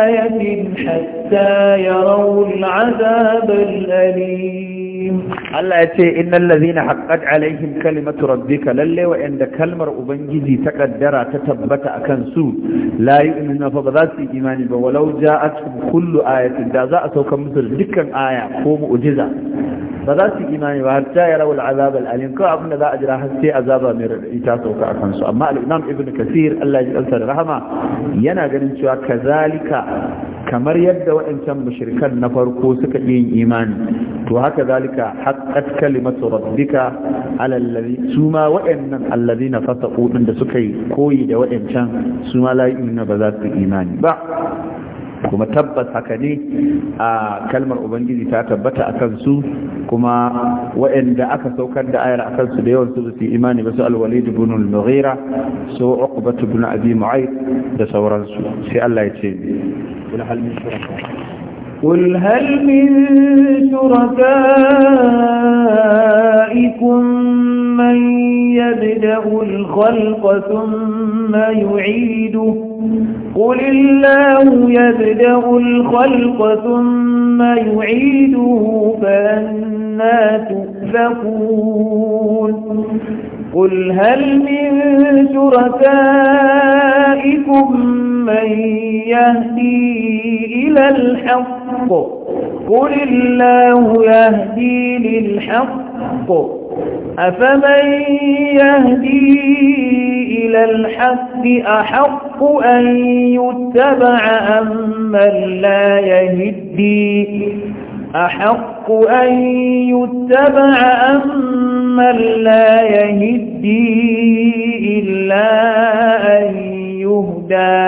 آية حتى يروا العذاب الأليم Allah ya ce innal ladhina haqqat alaihim kalimatu rabbika lalle wa inda kalmar ubangiji ta kaddara ta tabbata akan su la yu'minu fa ba zasu su imani ba walau ja'at kullu ayatin da za a sauka musu dukkan aya ko muujiza. ba za su imani ba har ta rawul azab al-alim ko abinda za a jira har sai azaba mai raɗaɗi ta sauka a kansu amma alimam imam ibn kasir Allah ya kansa da rahama yana ganin cewa kazalika kamar yadda waɗancan mashirkan na farko suka yin imani to haka zalika haqqat kalimatu rabbika ala su ma waɗannan na fasa din da suka yi koyi da waɗancan su ma layi yu'minu ba za su imani ba kuma tabbas haka ne a kalmar ubangiji ta tabbata a kansu kuma waɗanda aka saukar da ayar a kansu da yawan su su imani ba su alwalid ibn al-mughira su uqbat ibn abi da sauransu sai Allah ya ce قل هل من شركائكم من يبدأ الخلق ثم يعيده قل الله يبدأ الخلق ثم يعيده فأنا تؤفكون قل هل من شركائكم من يهدي إلى الحق قل الله يهدي للحق أفمن يهدي إلى الحق أحق أن يتبع أم من لا يهدي أحق أن يتبع أم من لا يهدي إلا أن يهدى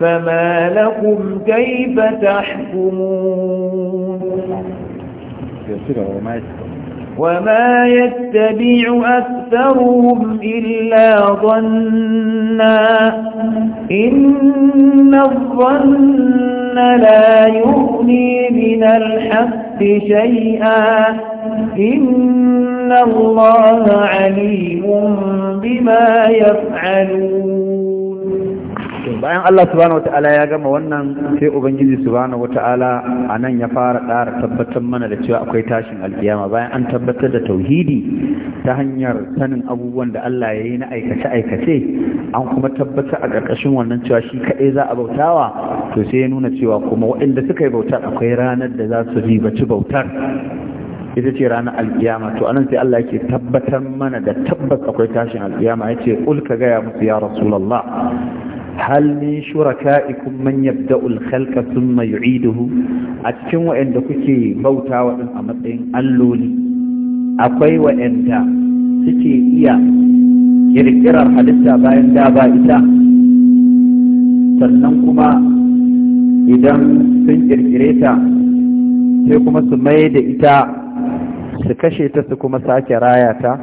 فما لكم كيف تحكمون وما يتبع أكثرهم إلا ظنا إن الظن لا يغني من الحق شيئا إن الله عليم بما يفعلون bayan Allah subhanahu wata'ala ya gama wannan sai ubangiji subhanahu wata'ala a nan ya fara ɗara tabbatar mana da cewa akwai tashin alkiyama bayan an tabbatar da tauhidi ta hanyar sanin abubuwan da Allah ya yi na aikace-aikace an kuma tabbatar a ƙarƙashin wannan cewa shi kaɗai za a bautawa to sai ya nuna cewa kuma waɗanda suka yi bautar akwai ranar da za su ribaci bautar ita ce ranar alkiyama to anan sai Allah yake tabbatar mana da tabbas akwai tashin alkiyama yace ce ka gaya musu ya rasulullah hal min shuraka'ikum man yabda'ul khalqa thumma yu'iduhu a cikin wa'anda kuke bauta wa a matsayin alloli akwai wa'anda suke iya kirkirar halitta bayan da ba ita sannan kuma idan sun kirkire ta sai kuma su mai da ita su kashe ta su kuma sake raya ta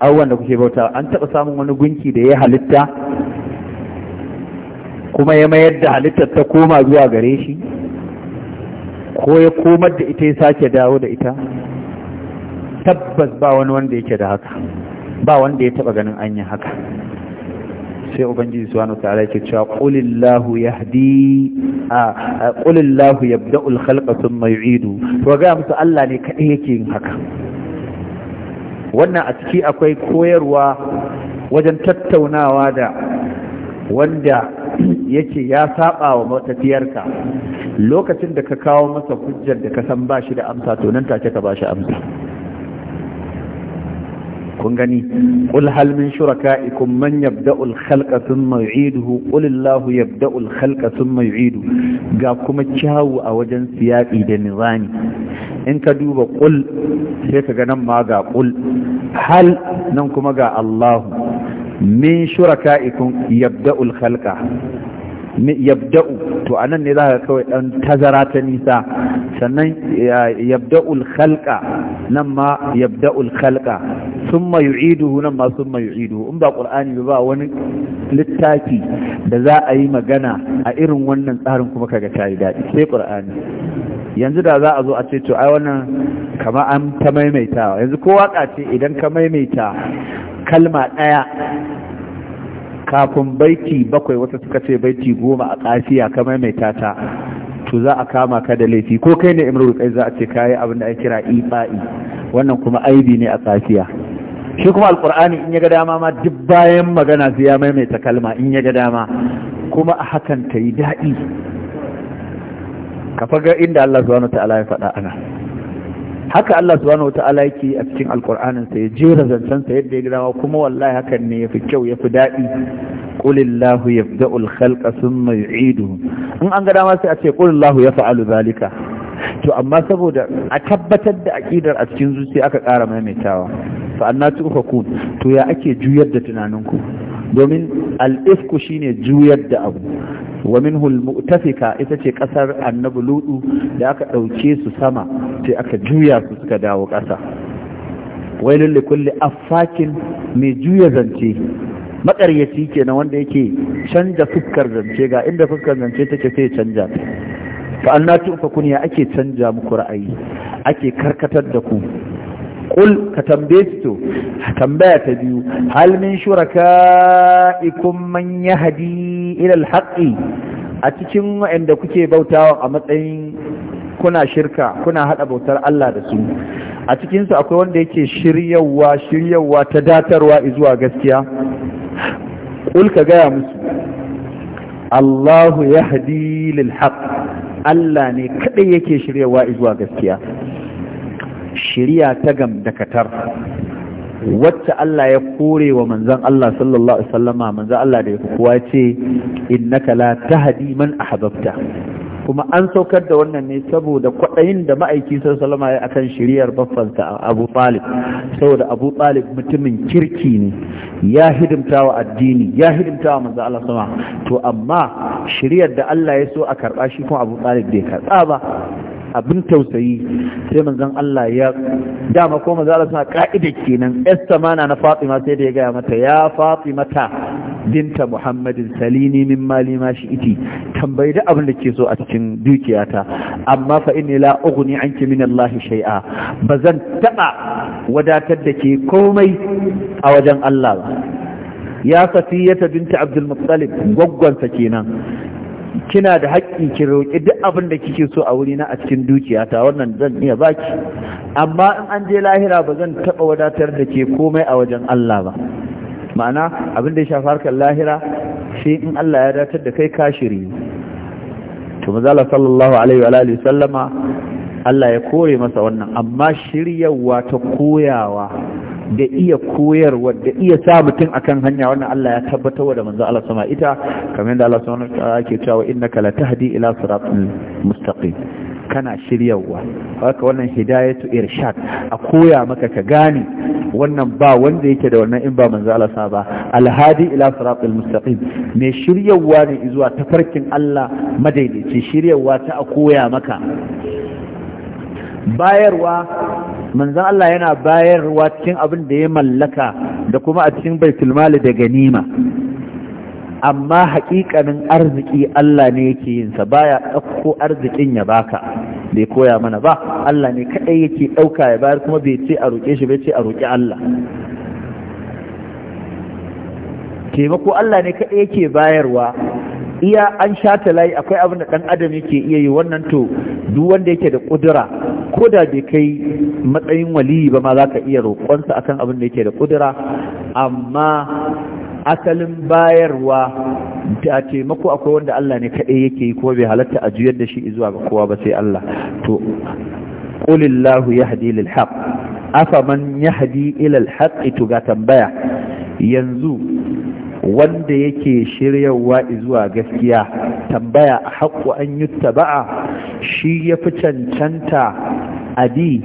abubuwan da kuke bauta an taɓa samun wani gunki da ya halitta kuma ya mayar da halittar ta koma zuwa gare shi ko ya komar da ita ya sake dawo da ita tabbas ba wani wanda yake da haka ba wanda ya taɓa ganin an yi haka sai ubangiji subhanahu ta'ala yake cewa ya yahdi a ya yabda'ul ulhalƙasun mai idu to ga musu Allah ne kaɗai yake yin haka wannan a ciki akwai koyarwa wajen tattaunawa da wanda yake ya saba wa matafiyarka lokacin da ka kawo masa hujjar da ka san ba shi da amsa to nan take ka ba shi amsa kun gani kul hal min shuraka'ikum man yabda'u al-khalqa thumma yu'iduhu qul Allahu yabda'u al-khalqa thumma yu'idu ga kuma kyawu a wajen siyaqi da nizami in ka duba kul sai ka ga nan ma ga kul hal nan kuma ga Allahu min shuraka'ikum yabda'u al-khalqa yabda'u to anan ne za ka kawai ɗan tazara ta nisa sannan yabda'ul khalqa nan ma yabda'ul khalqa thumma yu'iduhu nan ma summa yu'iduhu in ba qur'ani ba wani littafi da za a yi magana a irin wannan tsarin kuma kaga tayi daɗi sai qur'ani yanzu da za a zo a ce to ai wannan kama an ta maimaitawa yanzu ko waka ce idan ka maimaita kalma ɗaya kafin baiti bakwai wata suka ce baiti goma a ƙafiya kamar mai tata to za a kama ka da laifi ko kai ne imru kai za a ce kayi abin da ake kira ifa'i wannan kuma aibi ne a ƙafiya shi kuma alqur'ani in ya ga dama ma duk bayan magana sai ya maimaita kalma in ya ga dama kuma a hakan ta yi daɗi ka faga inda Allah subhanahu wa ta'ala ya faɗa ana haka Allah subhanahu wata'ala yake a cikin alkur'anin sa ya jera zancen sa yadda ya gida kuma wallahi hakan ne yafi kyau ya fi daɗi qul illahu yabda'u al sun thumma yu'iduhu in an ga dama sai a ce qul ya yaf'alu zalika to amma saboda a tabbatar da aƙidar a cikin zuciya aka ƙara maimaitawa fa annatu ufakun to ya ake juyar da tunaninku domin al'ifku shine juyar da abu wa minhu mutafika ita ce kasar annabi ludu da aka ɗauke su sama sai aka juya su suka dawo ƙasa. Wai wailul likulli afakin mai juya zance ke na wanda yake canja fuskar zance ga inda fuskar zance take sai canja fa annatu fa kunya ake canja muku ra'ayi ake karkatar da ku qul ka tambaye to tambaya ta biyu hal min shuraka'ikum man yahdi ila al-haqqi a cikin waɗanda kuke bautawa a matsayin kuna shirka kuna hada bautar Allah da su a cikinsu akwai wanda yake shiryawa shiryawa ta datarwa zuwa gaskiya ƙul ka gaya musu Allahu ya hadi lil haq Allah ne kadai yake shiryawa zuwa gaskiya shiriya ta gam da katar wacce Allah ya kore wa manzan Allah sallallahu Alaihi wasallama manzan Allah da ya kuwa ce innaka la tahdi man ahbabta kuma an saukar da wannan ne saboda kwaɗayin da ma'aiki sallama ya akan shiriyar baffansa abu talib saboda abu talib mutumin kirki ne ya hidimta wa addini ya hidimta wa manzan Allah sama to amma shiriyar da Allah ya so a karɓa shi kuma abu talib bai karɓa ba abin tausayi sai manzon Allah ya dama ko manzon Allah sa ka'ida kenan Esther mana na Fatima sai da ya gaya mata ya Fatimata binta Muhammadin salini min mali ma shi iti tambayi da abin da ke so a cikin dukiyata amma fa inni la ughni anki min Allah shay'a bazan taba wadatar da ke komai a wajen Allah ba ya safiyata binta Abdul Muttalib gwaggwansa kenan kina da haƙƙi ki roƙi duk abin da kike so a wuri na a cikin dukiya ta wannan zan iya baki amma in an je lahira ba zan taɓa wadatar da ke komai a wajen Allah ba ma'ana abin da ya shafi harkar lahira sai in Allah ya datar da kai kashiri to mazala sallallahu alaihi wa alihi sallama Allah ya kore masa wannan amma shiryawa ta koyawa da iya koyarwa da iya sa mutum akan hanya wannan Allah ya tabbatar da manzo Allah sama ita kamar yadda Allah sama wa ta'ala ke cewa innaka tahdi ila siratal mustaqim kana shiryawa haka wannan hidayatu irshad a koya maka ka gane wannan ba wanda yake da wannan in ba manzo Allah sama ba alhadi ila siratil mustaqim me shiryawa ne zuwa tafarkin Allah madaidaici shiryawa ta a koya maka bayarwa manzan Allah yana bayarwa cikin abin da ya mallaka da kuma a cikin baitul mali da ganima amma haƙiƙanin arziki Allah ne yake yin sa baya ɗauko arzikin ya baka bai koya mana ba Allah ne kaɗai yake ɗauka ya bayar kuma bai ce a roƙe shi bai ce a roƙi Allah taimako Allah ne kaɗai yake bayarwa iya an shata layi akwai abin da ɗan adam yake iya yi wannan to duk wanda yake da kudura ko da bai kai matsayin waliyi ba ma za ka iya roƙonsa akan abin da yake da kudura amma asalin bayarwa da taimako akwai wanda Allah ne kaɗai yake yi kuma bai halatta a juyar da shi zuwa ga kowa ba sai Allah to qulillahu yahdi lil haqq afaman yahdi ila al haqq to ga tambaya yanzu wanda yake shiryawa zuwa gaskiya tambaya a haƙƙo an yi taba'a shi ya fi cancanta abi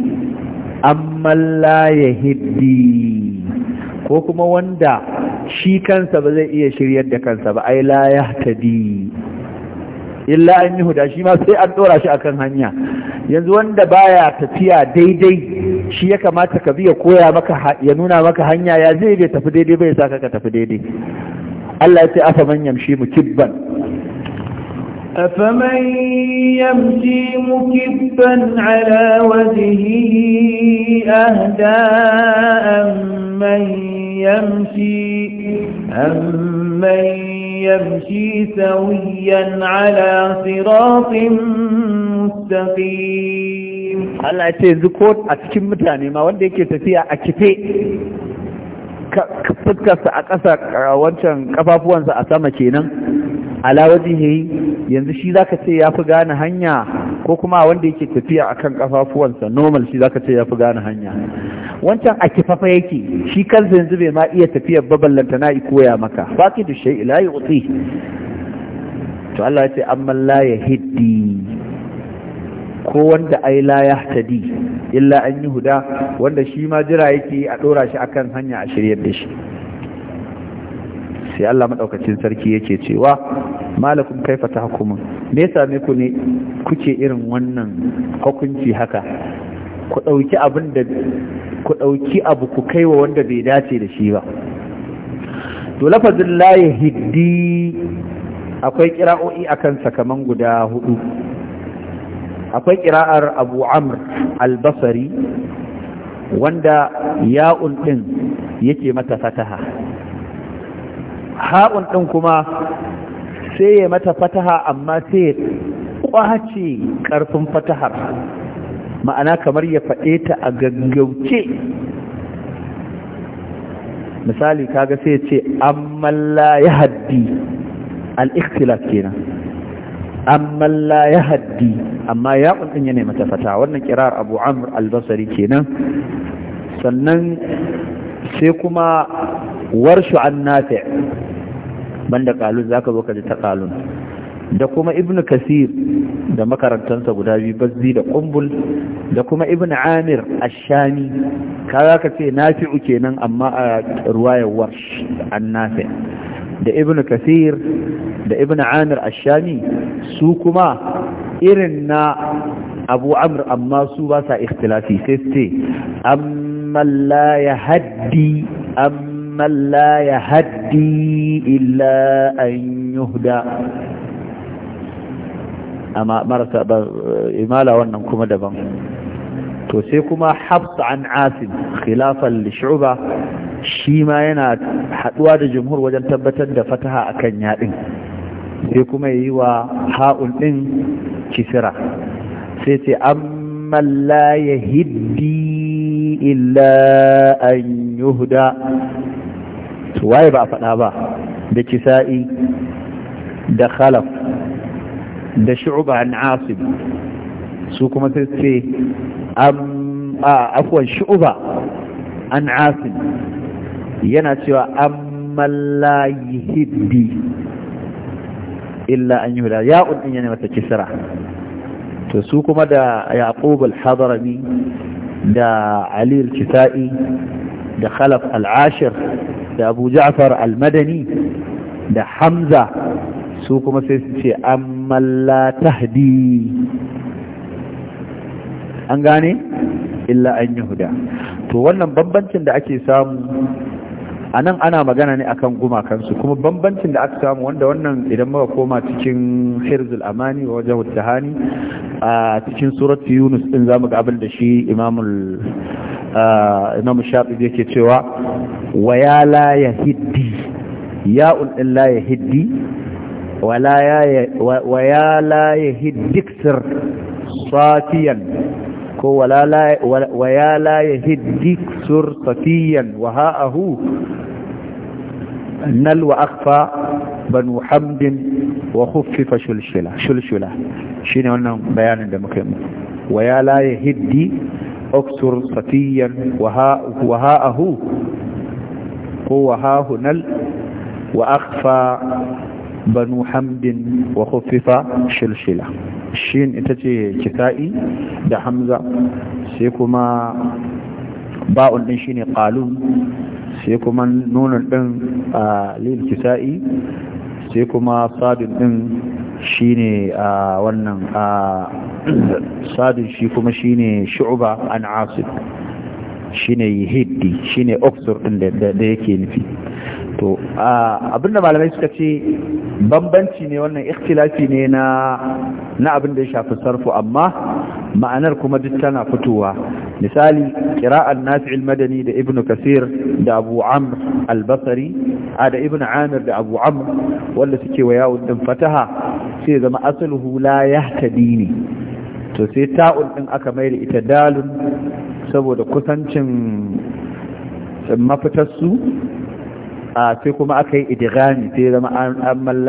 amman la ya hiddi ko kuma wanda shi kansa ba zai iya shiryar da kansa ba ai la ya tadi illa an yi huda shi ma sai an ɗora shi akan hanya yanzu wanda baya tafiya daidai shi ya kamata ka biya koya maka ya nuna maka hanya ya zai bai tafi daidai bai sa ka tafi daidai Allah ya ce afa shi mu kibban. أفمن يمشي مكبا على وجهه أهدى أمن يمشي أمن يمشي سويا على صراط مستقيم Allah ya ce yanzu ko a cikin mutane ma wanda yake tafiya a kife fuskarsa a ƙasa wancan kafafuwansa a sama kenan ala wajihi yanzu shi zaka ce ya fi gane hanya ko kuma wanda yake tafiya akan kafafuwansa normal shi zaka ce ya fi gane hanya wancan a kifafa yake shi kan yanzu bai ma iya tafiyar baballanta na koya maka ki da shay'i la yu'ti to Allah ya ce amma la hiddi ko wanda ai la tadi illa an yi huda wanda shi ma jira yake a dora shi akan hanya a shiryar da shi sai Allah madaukakin sarki yake cewa malakum kaifa tahkumun me yasa me ku ne kuke irin wannan hukunci haka ku dauki abin da ku dauki abu ku kaiwa wanda bai dace da shi ba to lafazin la yahdi akwai kira'o'i akan sakaman guda hudu akwai kira'ar abu amr al-basri wanda ya'un din yake mata fataha haɓun ɗin kuma sai ya mata fataha amma sai ya ƙwace ƙarfin fatahar ma'ana kamar ya faɗe ta a gaggauce misali kaga sai ya ce an la ya haddi al'ikhtilaf kenan an la ya haddi amma ya ɗin ya mata fataha wannan kirar abu amur albasari kenan sannan sai kuma warshu an nafi' banda kalun za ka zo ka ji ta kalun da kuma ibn kasir da makarantansa guda biyu bazzi da kumbul da kuma ibn amir ashami ka za ka ce nafi'u kenan amma a ruwayar warsh an nafi da ibn kasir da ibn amir ashami su kuma irin na abu amr amma su ba sa ikhtilafi sai ce amma la ya haddi amma man la yahdi illa an yuhda daban to sai kuma hafs an asim khilafan li shi ma yana haɗuwa da jumhur wajen tabbatar da fataha akan yadin sai kuma yi wa ha'ul din kisira sai ce amma la yahdi illa an yuhda to waye ba a faɗa ba da kisa'i da khalaf da shu'ba an asib su kuma sai ce afwan shu'ba an asib yana cewa amman yi hiddi illa an yuhda ya din yana mata kisra to su kuma da yaqub al da ali al-kisa'i da khalaf al-ashir da abu ja'far al-madani da hamza su kuma sai su ce amman la tahdi an gane illa an yahuda to wannan bambancin da ake samu a nan ana magana ne akan gumakansu kuma bambancin da aka samu wanda wannan idan muka koma cikin hirzul amani wa wajen hutahani a cikin surat yunus din zamu ga abin da shi imamul imam shafi yake cewa ويا لا يهدي ياء لا يهدي ولا يا ويا لا يهدي اكسر صافيا ولا لا ويا لا يهدي اكسر صفيا وهاءه نل وأخفى بنو حمد وخفف شلشلة شلشلة شين قلنا بيان دمكم ويا لا يهدي اكسر صفيا وهاءه ko wa hahunal wa akfa banu hamdin wa khuffifa shilshila shin ita ce kita'i da hamza sai kuma ba'un din shine qalun sai kuma nunun din lil kita'i sai kuma sadin din shine wannan sadin shi kuma shine shu'ba an asib shine yihid tuddi shine oxford din da yake nufi to abinda malamai suka ce bambanci ne wannan ikhtilafi ne na na abin da ya shafi sarfu amma ma'anar kuma duk tana fitowa misali qira'an nafi' al-madani da ibn kasir da abu amr al-basri da ibn amir da abu amr wanda suke wa yawun din fataha sai zama asluhu la yahtadi ne to sai ta'un din aka mai da ita dalun saboda kusancin mafitarsu a sai kuma aka yi idigani sai zama an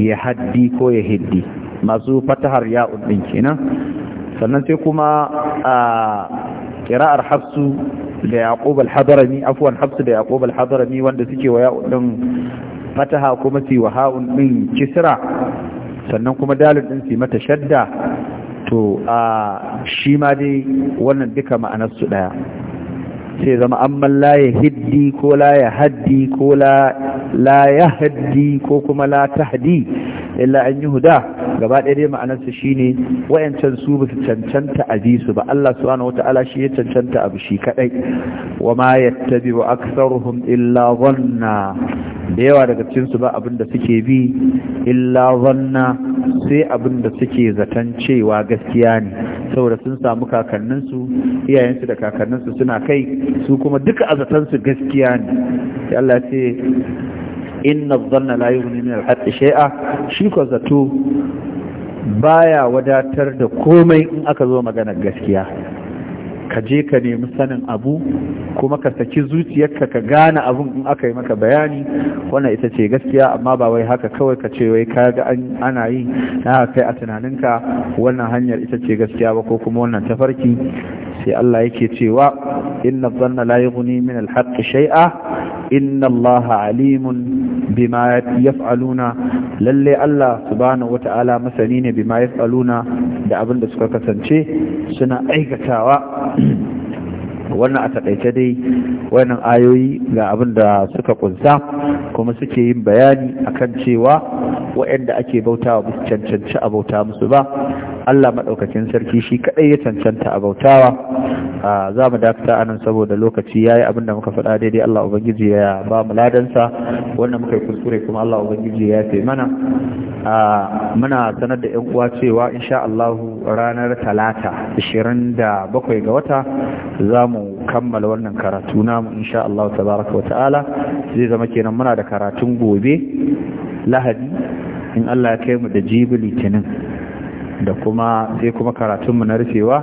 ya haddi ko ya haddi masu fatahar ya'un ɗin kenan sannan sai kuma a kira'ar hafsu da yaƙub al-hadarami afuwan hafsu da yaƙub al-hadarami wanda suke wa ya'un ɗin fataha kuma si wa ha'un ɗin kisra sannan kuma dalil ɗin si mata shadda to a shi ma dai wannan duka ma'anarsu ɗaya sai zama amman la ya hiddi ko la ya haddi ko la ya haddi ko kuma la haddi. illa an yi huda gaba ɗaya dai ma'anarsa shine wayancan su ba su cancanta a bi su ba Allah subhanahu wata'ala shi ya cancanta abu shi kaɗai. wa ma yattabi'u aktharuhum illa dhanna da yawa daga cikinsu ba abin da suke bi illa zanna sai abinda suke zaton cewa gaskiya ne saboda sun samu kakanninsu iyayensu da kakanninsu suna kai su kuma duka a zatonsu gaskiya ne Allah ce inna zanna la yughni min al-haqqi shay'a shi ko zato baya wadatar da komai in aka zo maganar gaskiya ka je ka nemi sanin abu kuma ka saki zuciyarka ka gane abun in aka yi maka bayani wannan ita ce gaskiya amma ba wai haka kawai ka ce wai ka ga ana yi na kai a tunaninka wannan hanyar ita ce gaskiya ba ko kuma wannan tafarki sai Allah yake cewa inna dhanna la yughni min al-haqqi shay'a inna Allah alimun bima yaf'aluna lalle Allah subhanahu wata'ala masani ne bima yaf'aluna da abin da suka kasance suna aikatawa wannan a taƙaice dai wannan ayoyi ga abin da suka kunsa kuma suke yin bayani akan cewa waɗanda ake bautawa musu cancanci a bauta musu ba Allah maɗaukacin sarki shi kaɗai ya cancanta a bautawa za mu dakata a nan saboda lokaci ya yayi da muka faɗa daidai Allah ubangiji ya ba mu ladansa wannan muka yi kuskure kuma Allah ubangiji ya fi mana muna sanar da yan uwa cewa insha Allah ranar talata 27 ga wata za mu kammala wannan karatu namu insha Allah tabaraka wa ta'ala zai zama kenan muna da karatun gobe lahadi in Allah ya kai mu da jibi litinin da kuma sai kuma karatunmu na rufewa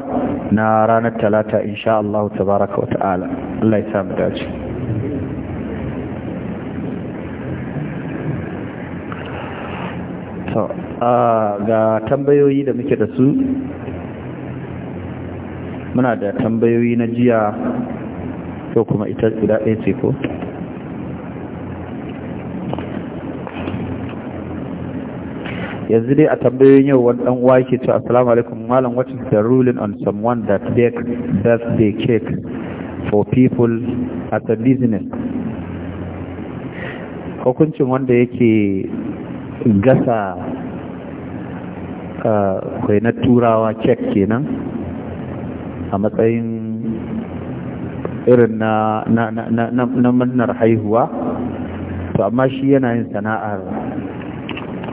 na ranar talata insha Allah tabaraka wa ta'ala Allah ya samu dace to ga tambayoyi da muke da su muna da tambayoyi na jiya ko kuma ita guda ɗaya ce ko yanzu dai a tambayoyin yau wani dan uwa yake cewa assalamu alaikum malam what is the ruling on someone that bakes birthday cake for people as a business hukuncin wanda yake gasa ah, kai na turawa cake kenan a matsayin irin na na haihuwa to amma shi yana yin sana'ar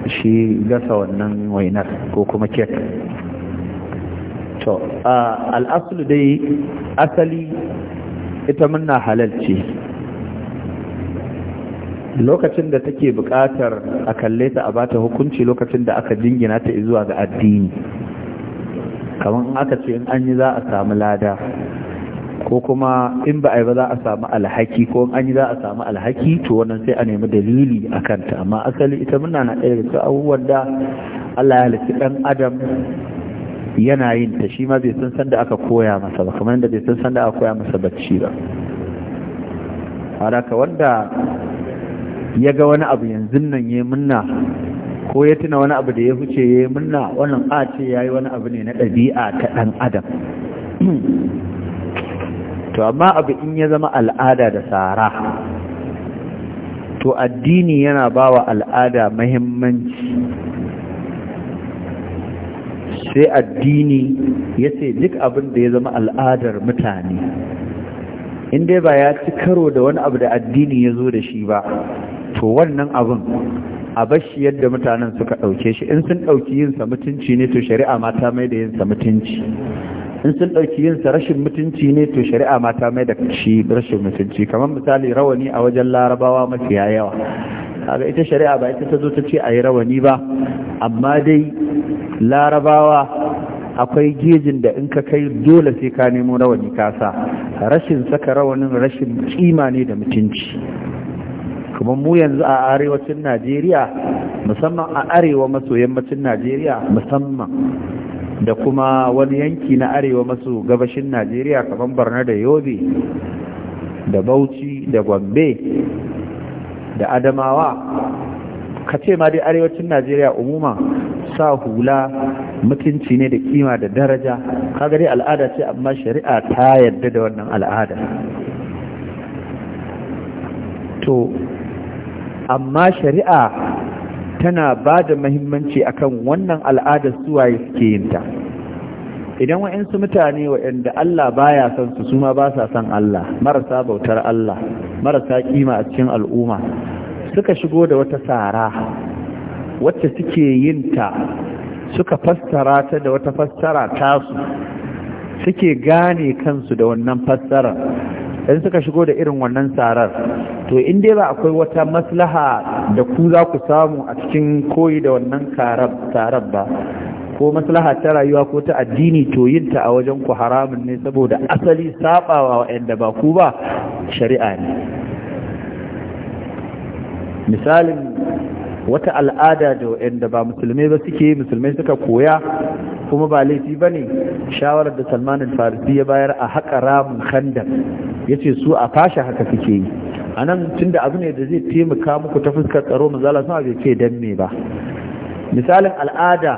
shi gasa wannan wainar ko kuma kek to al'asulu dai asali ita muna halalci lokacin da take buƙatar a kalle ta a bata hukunci lokacin da aka jingina ta zuwa ga addini kamar aka ce in an yi za a samu lada ko kuma in ba a yi ba za a samu alhaki ko an yi za a samu alhaki to wannan sai a nemi dalili a kanta amma asali ita muna na ɗaya daga abubuwan da Allah ya halitta ɗan adam yana yin ta shi ma bai san sanda aka koya masa ba kamar yadda bai san sanda aka koya masa bacci ba haraka wanda ya ga wani abu yanzu nan ya munna ko ya tuna wani abu da ya huce ya munna wannan a ce ya yi wani abu ne na ɗabi'a ta ɗan adam to amma abu in ya zama al'ada da tsara to addini yana ba wa al'ada mahimmanci sai addini ya ce duk abin da ya zama al'adar mutane in dai ba ya ci karo da wani abu da addini ya zo da shi ba to wannan abin a bashi yadda mutanen suka ɗauke shi in sun ɗauki yinsa mutunci ne to shari'a mata mai da yinsa mutunci in sun ɗauki yinsa rashin mutunci ne to shari'a mata mai da shi rashin mutunci kamar misali rawani a wajen larabawa mafi yawa kaga ita shari'a ba ita ta zo ta ce a yi rawani ba amma dai larabawa akwai gejin da in ka kai dole sai ka nemo rawani kasa rashin saka rawanin rashin kima ne da mutunci kuma mu yanzu a arewacin najeriya musamman a arewa maso yammacin najeriya musamman da kuma wani yanki na arewa masu gabashin najeriya kamar barna da yobe da bauchi da gombe da adamawa ka ce ma dai arewacin najeriya umuma sa hula mutunci ne da kima da daraja Ka dai al'ada ce amma shari'a ta yadda da wannan al'ada to amma shari'a tana ba da mahimmanci akan wannan al'adar suwaye suke yin ta idan wa'insu mutane wa'inda Allah baya son su suma ba sa son Allah marasa bautar Allah marasa kima a cikin al'umma suka shigo da wata tsara wacce suke yin suka fassara ta da wata fassara tasu suke gane kansu da wannan fassara Idan suka shigo da irin wannan sarar to in dai ba akwai wata maslaha da ku za ku samu a cikin koyi da wannan sarar ba ko maslaha ta rayuwa ko ta addini to yin ta a wajen ku haramun ne saboda asali sabawa wa'anda ba ku ba shari'a ne misalin wata al'ada da wa'anda ba musulmai ba suke musulmai suka koya kuma ba laifi ba ne shawarar da salman al-farisi ya bayar a haƙa ramin khandar ya ce su a fashe haka suke yi a nan tun da abu ne da zai taimaka muku ta fuskar tsaro zala sama bai ce dan me ba misalin al'ada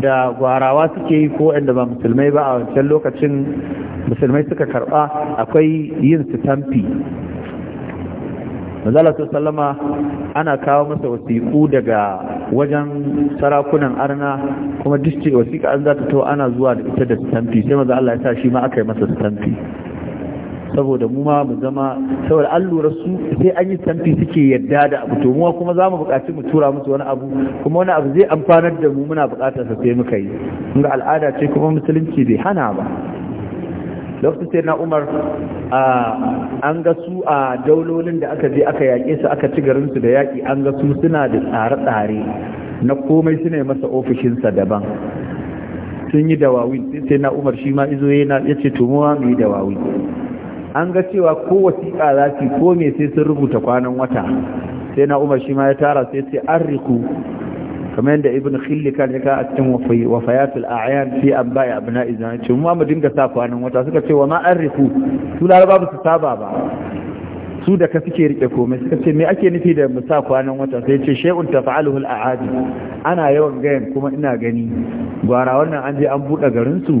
da gwarawa suke yi ko inda ba musulmai ba a wancan lokacin musulmai suka karɓa akwai yin su tamfi manzala sallama ana kawo masa wasiƙu daga wajen sarakunan arna kuma duk ce wasiƙa an za ta to ana zuwa da ita da stampi sai maza Allah ya sa shi ma aka yi masa stampi saboda mu ma mu zama saboda an lura su sai an yi stampi suke yadda da abu to mu kuma za mu buƙaci mu tura musu wani abu kuma wani abu zai amfanar da mu muna buƙatar sa sai muka yi ga al'ada ce kuma musulunci bai hana ba lokacin sai na umar an ga su a daulolin da aka je aka yaƙe su aka ci garinsu da yaƙi an ga su suna da tsare-tsare na komai suna masa ofishinsa daban sun yi dawawi sai na umar shi ma izo ya ce to mu yi dawawi an ga cewa ko wasiƙa za su ko me sai sun rubuta kwanan wata sai na umar shi ma ya tara sai sai an riku kamar yadda ibn khillika ne ka a cikin wafayatul a'yan fi an abu na izina ce mu mu dinga sa kwanan wata suka ce wa ma'an arifu su laraba ba su saba ba su da ka suke rike komai suka ce me ake nufi da mu sa kwanan wata sai ce shay'un tafa'aluhu al'adi ana yawan gayan kuma ina gani gwara wannan an je an buɗe garin su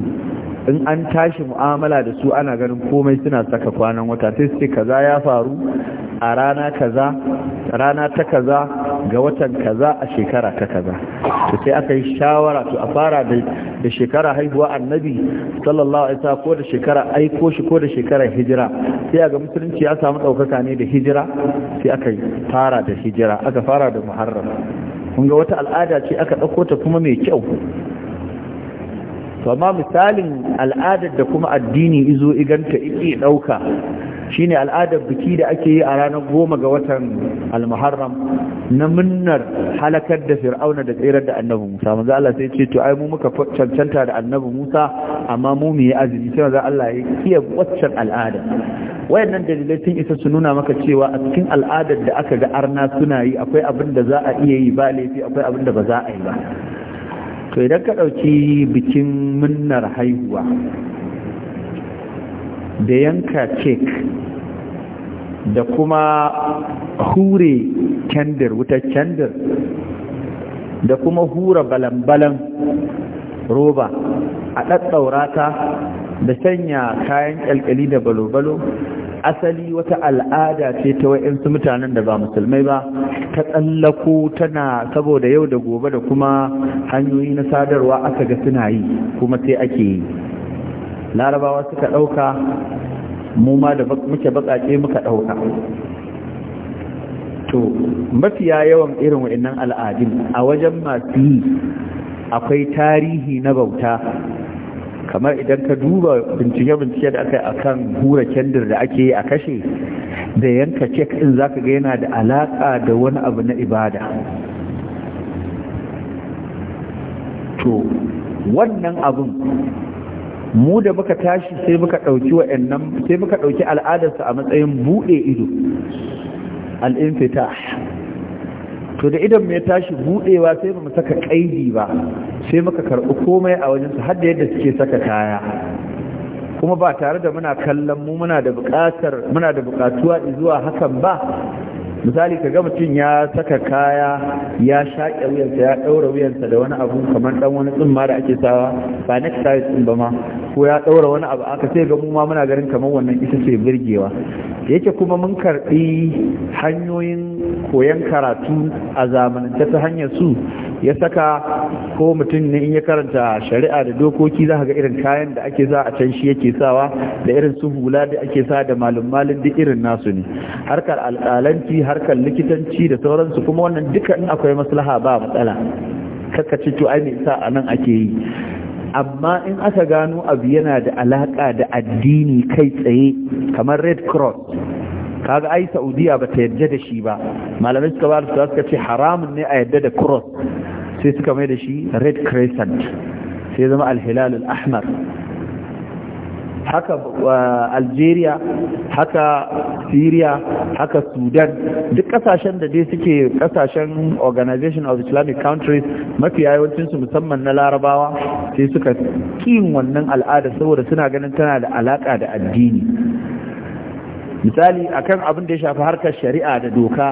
in an tashi mu'amala da su ana ganin komai suna saka kwanan wata sai su ce kaza ya faru a rana kaza rana ta kaza ga watan kaza a shekara ta kaza to sai aka yi shawara to a fara da shekara haihuwa annabi sallallahu alaihi wasallam ko da shekara aiko shi ko da shekara hijira sai ga musulunci ya samu daukaka ne da hijira sai aka fara da hijira aka fara da muharram kun ga wata al'ada ce aka dauko ta kuma mai kyau to amma misalin al'adar da kuma addini izo iganta iki dauka shine al'adar biki da ake yi a ranar goma ga watan al-muharram na munnar halakar da fir'auna da tsirar da annabi musa manzo Allah sai ce to ai mu muka cancanta da annabi musa amma mu mu yi azumi sai manzo Allah ya kiya waccan al'ada wayannan dalilai sun isa su nuna maka cewa a cikin al'adar da aka ga arna suna yi akwai abin da za a iya yi ba laifi akwai abin da ba za a yi ba to idan ka ɗauki bikin munnar haihuwa da yanka kek, da kuma hure kendir wutar kendir da kuma hura balan-balan roba a ɗaɗɗaura ta da sanya kayan ƙyalƙyali da balobalo. asali wata al'ada ce ta wa'insu mutanen da ba musulmai ba ta tsallako tana saboda yau da gobe da kuma hanyoyi na sadarwa aka ga suna yi kuma sai ake yi larabawa suka ɗauka mu ma da muke baƙaƙe muka ɗauka to mafiya yawan irin nan al'adun a wajen masu yi akwai tarihi na bauta kamar idan ka duba bincike-bincike da aka yi a kan hura kendir da ake yi a kashe da yanka cek in za ka ga yana da alaƙa da wani abu na ibada to wannan abin mu da muka tashi sai muka ɗauki wa'annan sai muka ɗauki al'adarsa a matsayin buɗe ido al'infitah to da idan mai tashi budewa sai mu saka kaidi ba sai muka karɓi komai a wajensu har da yadda suke saka kaya kuma ba tare da muna kallon mu muna da buƙatar muna zuwa hakan ba misali ka ga mutum ya saka kaya ya shaƙe wuyansa ya ɗaura wuyansa da wani abu kamar ɗan wani tsumma da ake sawa ba na size ɗin ba ma ko ya ɗaura wani abu aka sai ga mu ma muna ganin kamar wannan ita ce birgewa yake kuma mun karɓi hanyoyin koyon karatu a zamanin ta hanyar su ya saka ko mutum ne in ya karanta shari'a da dokoki za ga irin kayan da ake sa a can shi yake sawa da irin su hula da ake sa da malum malin duk irin nasu ne harkar alƙalanci harkar likitanci da sauransu kuma wannan duka in akwai maslaha ba matsala kaka ce to ai me sa anan ake yi amma in aka gano abu yana da alaƙa da addini kai tsaye kamar red cross kaga ai saudiya ba ta yarda da shi ba malamai suka ba su suka ce haramun ne a yarda da cross sai suka mai da shi red crescent sai zama alhilal al-ahmar haka uh, algeria haka syria haka sudan duk kasashen da dai suke kasashen organization of islamic countries mafi su musamman na larabawa sai suka kin wannan al'ada saboda suna ganin tana da alaka da addini misali akan abin da ya shafi harkar shari'a da doka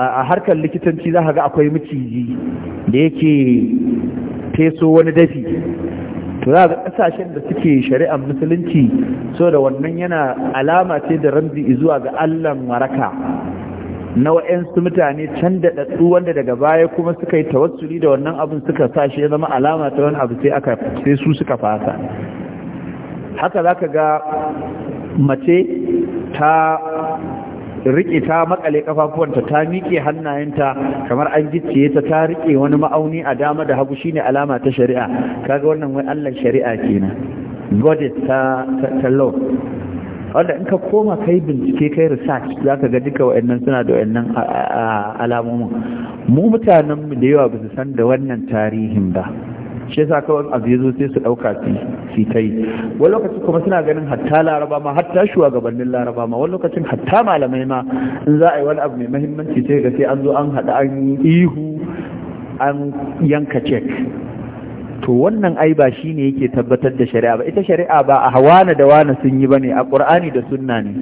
a harkar likitanci za ga akwai maciji da yake feso wani dafi to za ga kasashen da suke shari'ar musulunci so da wannan yana alama ce da ramzi zuwa ga allan waraka na wa'yansu mutane can da ɗaɗɗu wanda daga baya kuma suka yi tawassuli da wannan abin suka sa shi ya zama alama ta wani abu sai aka sai su suka fasa haka za ka ga mace ta riƙe ta makale kafafuwanta ta miƙe hannayenta kamar an gicciye ta ta riƙe wani ma'auni a dama da hagu shine alama ta shari'a kaga wannan wai Allah shari'a kenan goddess ta ta law wanda in ka koma kai bincike kai research za ka ga duka wa'annan suna da wa'annan alamomin mu mutanenmu da yawa ba su san da wannan tarihin ba shi yasa kawai abu ya zo sai su ɗauka su ta yi wani lokacin kuma suna ganin hatta laraba ma hatta shugabannin laraba ma wani lokacin hatta malamai ma in za a yi wani abu mai mahimmanci sai ga sai an zo an haɗa an ihu an yanka cek to wannan ai ba shi ne yake tabbatar da shari'a ba ita shari'a ba a hawana da wane sun yi ba ne a ƙur'ani da sunna ne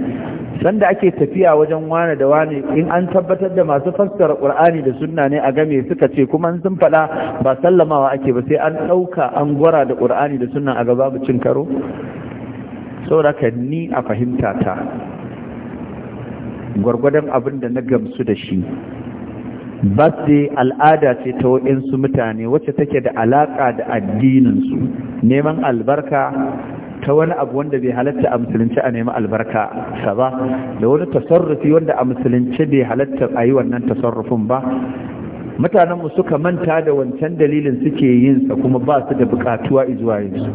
sanda ake tafiya wajen wane da wane in an tabbatar da masu fassara ƙur'ani da sunna ne a game suka ce kuma sun faɗa ba sallamawa ake ba sai an ɗauka an gwara da ƙur'ani da sunna a gaba bu cin karo sauraka ni a fahimta ta gwargwadon abin da na gamsu da shi birthday al'ada ce ta wa'insu mutane wacce take da alaƙa da addininsu neman albarka ta wani abu wanda bai halatta a musulunci a nemi albarka ta ba da wani tasarrufi wanda a musulunci bai halatta a yi wannan tasarrufin ba mutanenmu suka manta da wancan dalilin suke yinsa kuma ba su da bukatuwa izuwa yanzu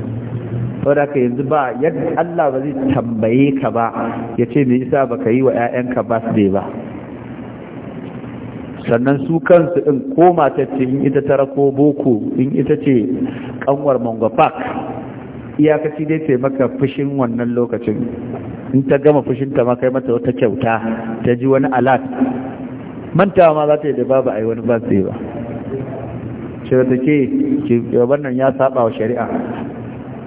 saboda ka yanzu ba yadda Allah ba zai tambaye ka ba ya ce me ba ka yi wa 'ya'yanka dai ba sannan su kansu ɗin ta ce in ita tara ko boko in ita ce ƙanwar park. iyakaci dai ce maka fushin wannan lokacin in ta gama fushinta ma kai mata wata kyauta ta ji wani alat mantawa ma za ta yi da babu a yi wani ba sai ba ce da take wannan ya saba wa shari'a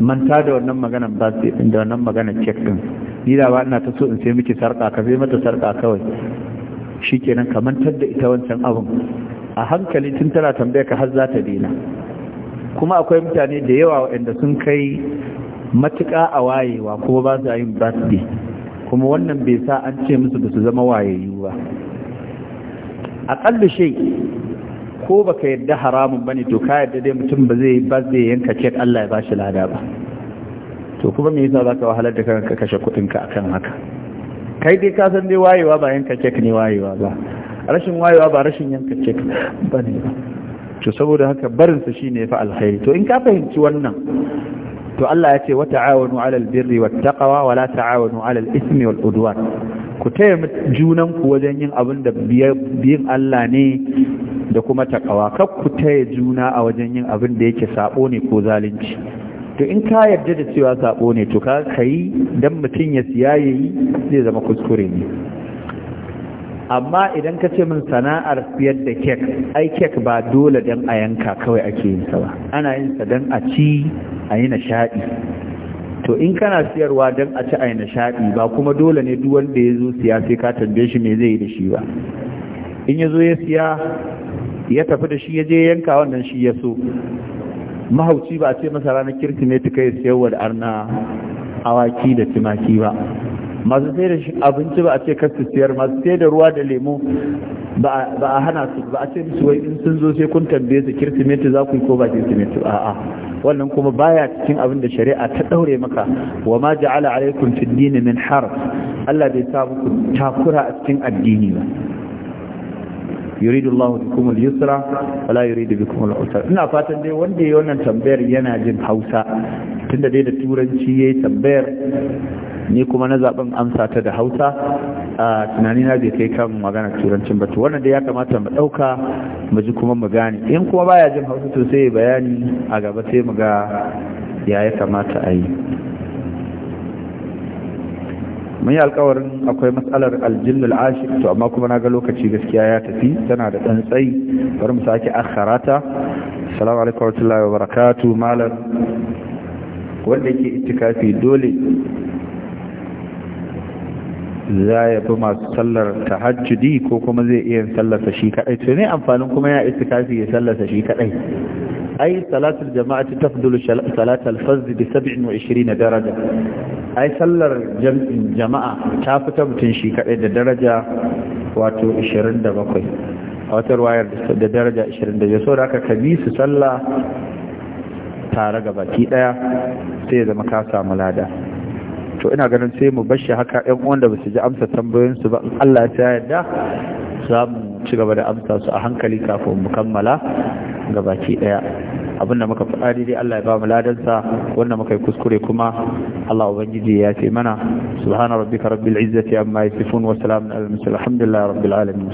manta da wannan maganan ba sai da wannan maganan cek din ni da ba ina ta so in sai miki sarka ka sai mata sarka kawai shi kenan mantar da ita wancan abin a hankali tun tana tambaya ka har za ta dina kuma akwai mutane da yawa waɗanda sun kai matuƙa a wayewa kuma ba su yin birthday kuma wannan bai sa an ce musu ba su zama wayayyu ba aƙalla shi ko ba ka yadda haramun ba ne to ka yadda dai mutum ba zai birthday yanka cek Allah ya ba shi lada ba to kuma me yasa za ka wahalar da kanka kashe kuɗinka akan haka kai dai kasan san dai wayewa ba yanka kek ne wayewa ba rashin wayewa ba rashin yanka kek ba ne ba to saboda haka barinsa shine ya fi alkhairi to in ka fahimci wannan to Allah ya ce wa ta'awanu 'alal birri wat taqwa wa la ta'awanu 'alal ismi wal udwan ku taya junan ku wajen yin abin da biyin Allah ne da kuma taqwa kar ku taya juna a wajen yin abin da yake sabo ne ko zalunci to in ka yarda da cewa sabo ne to ka kai dan mutum ya siya yayi zai zama kuskure ne amma idan ka ce min sana'ar siyar da kek ai kek ba dole dan a yanka kawai ake yin sa ba ana yin sa dan a ci a yi nishadi to in kana siyarwa dan a ci a yi nishadi ba kuma dole ne duk wanda ya zo siya sai ka tambaye shi me zai yi da shi ba in ya zo ya siya ya tafi da shi ya je yanka wannan shi ya so mahauci ba a ce masa ranar kirsimeti kai sayarwa da arna awaki da tumaki ba masu sai da abinci ba a ce kasu siyar masu sai da ruwa da lemo ba a hana su ba a ce musu wai in sun zo sai kun tambaye su kirsimeti za ku yi ko ba kirsimeti a'a wannan kuma baya cikin abin da shari'a ta daure maka wa ma ja'ala alaikum fid din min har Allah bai sa muku takura a cikin addini ba yuridu Allah bikum al-yusra wala yuridu bikum al-usra ina fatan dai wanda yayi wannan tambayar yana jin Hausa tunda dai da turanci yayi tambayar ni kuma na zaben amsa ta da Hausa a tunani na zai kai kan magana turancin ba to wannan dai ya kamata mu dauka mu ji kuma mu gane in kuma baya jin Hausa to sai bayani a gaba sai mu ga ya ya kamata a yi mun yi alkawarin akwai matsalar aljinnul ashik to amma kuma na ga lokaci gaskiya ya tafi tana da ɗan tsayi bari mu sake akharata assalamu alaikum wa rahmatullahi wa malam wanda yake itikafi dole za ya fi masu sallar tahajjudi ko kuma zai iya sallasa shi kadai to ne amfanin kuma ya itikafi ya sallasa shi kadai ai صلاة الجماعة تفضل صلاة fazz bi 27 daraja ai sallar jama'a ta fita mutun shi kadai da daraja wato 27 a wata درجة da daraja 25 saboda haka su sallah tare ga baki daya sai zama ka samu lada to ina ganin sai mu bashi haka ɗan wanda ba su ji amsa tambayoyin su ba Allah ya yarda za mu da amsa su a hankali kafin mu kammala gabaki daya abinda muka faɗa daidai Allah ya ba mu sa wanda muka yi kuskure kuma Allah ubangiji ya ce mana subhana rabbika rabbil izzati amma yasifun wa salamun alal mursalin alhamdulillahi rabbil alamin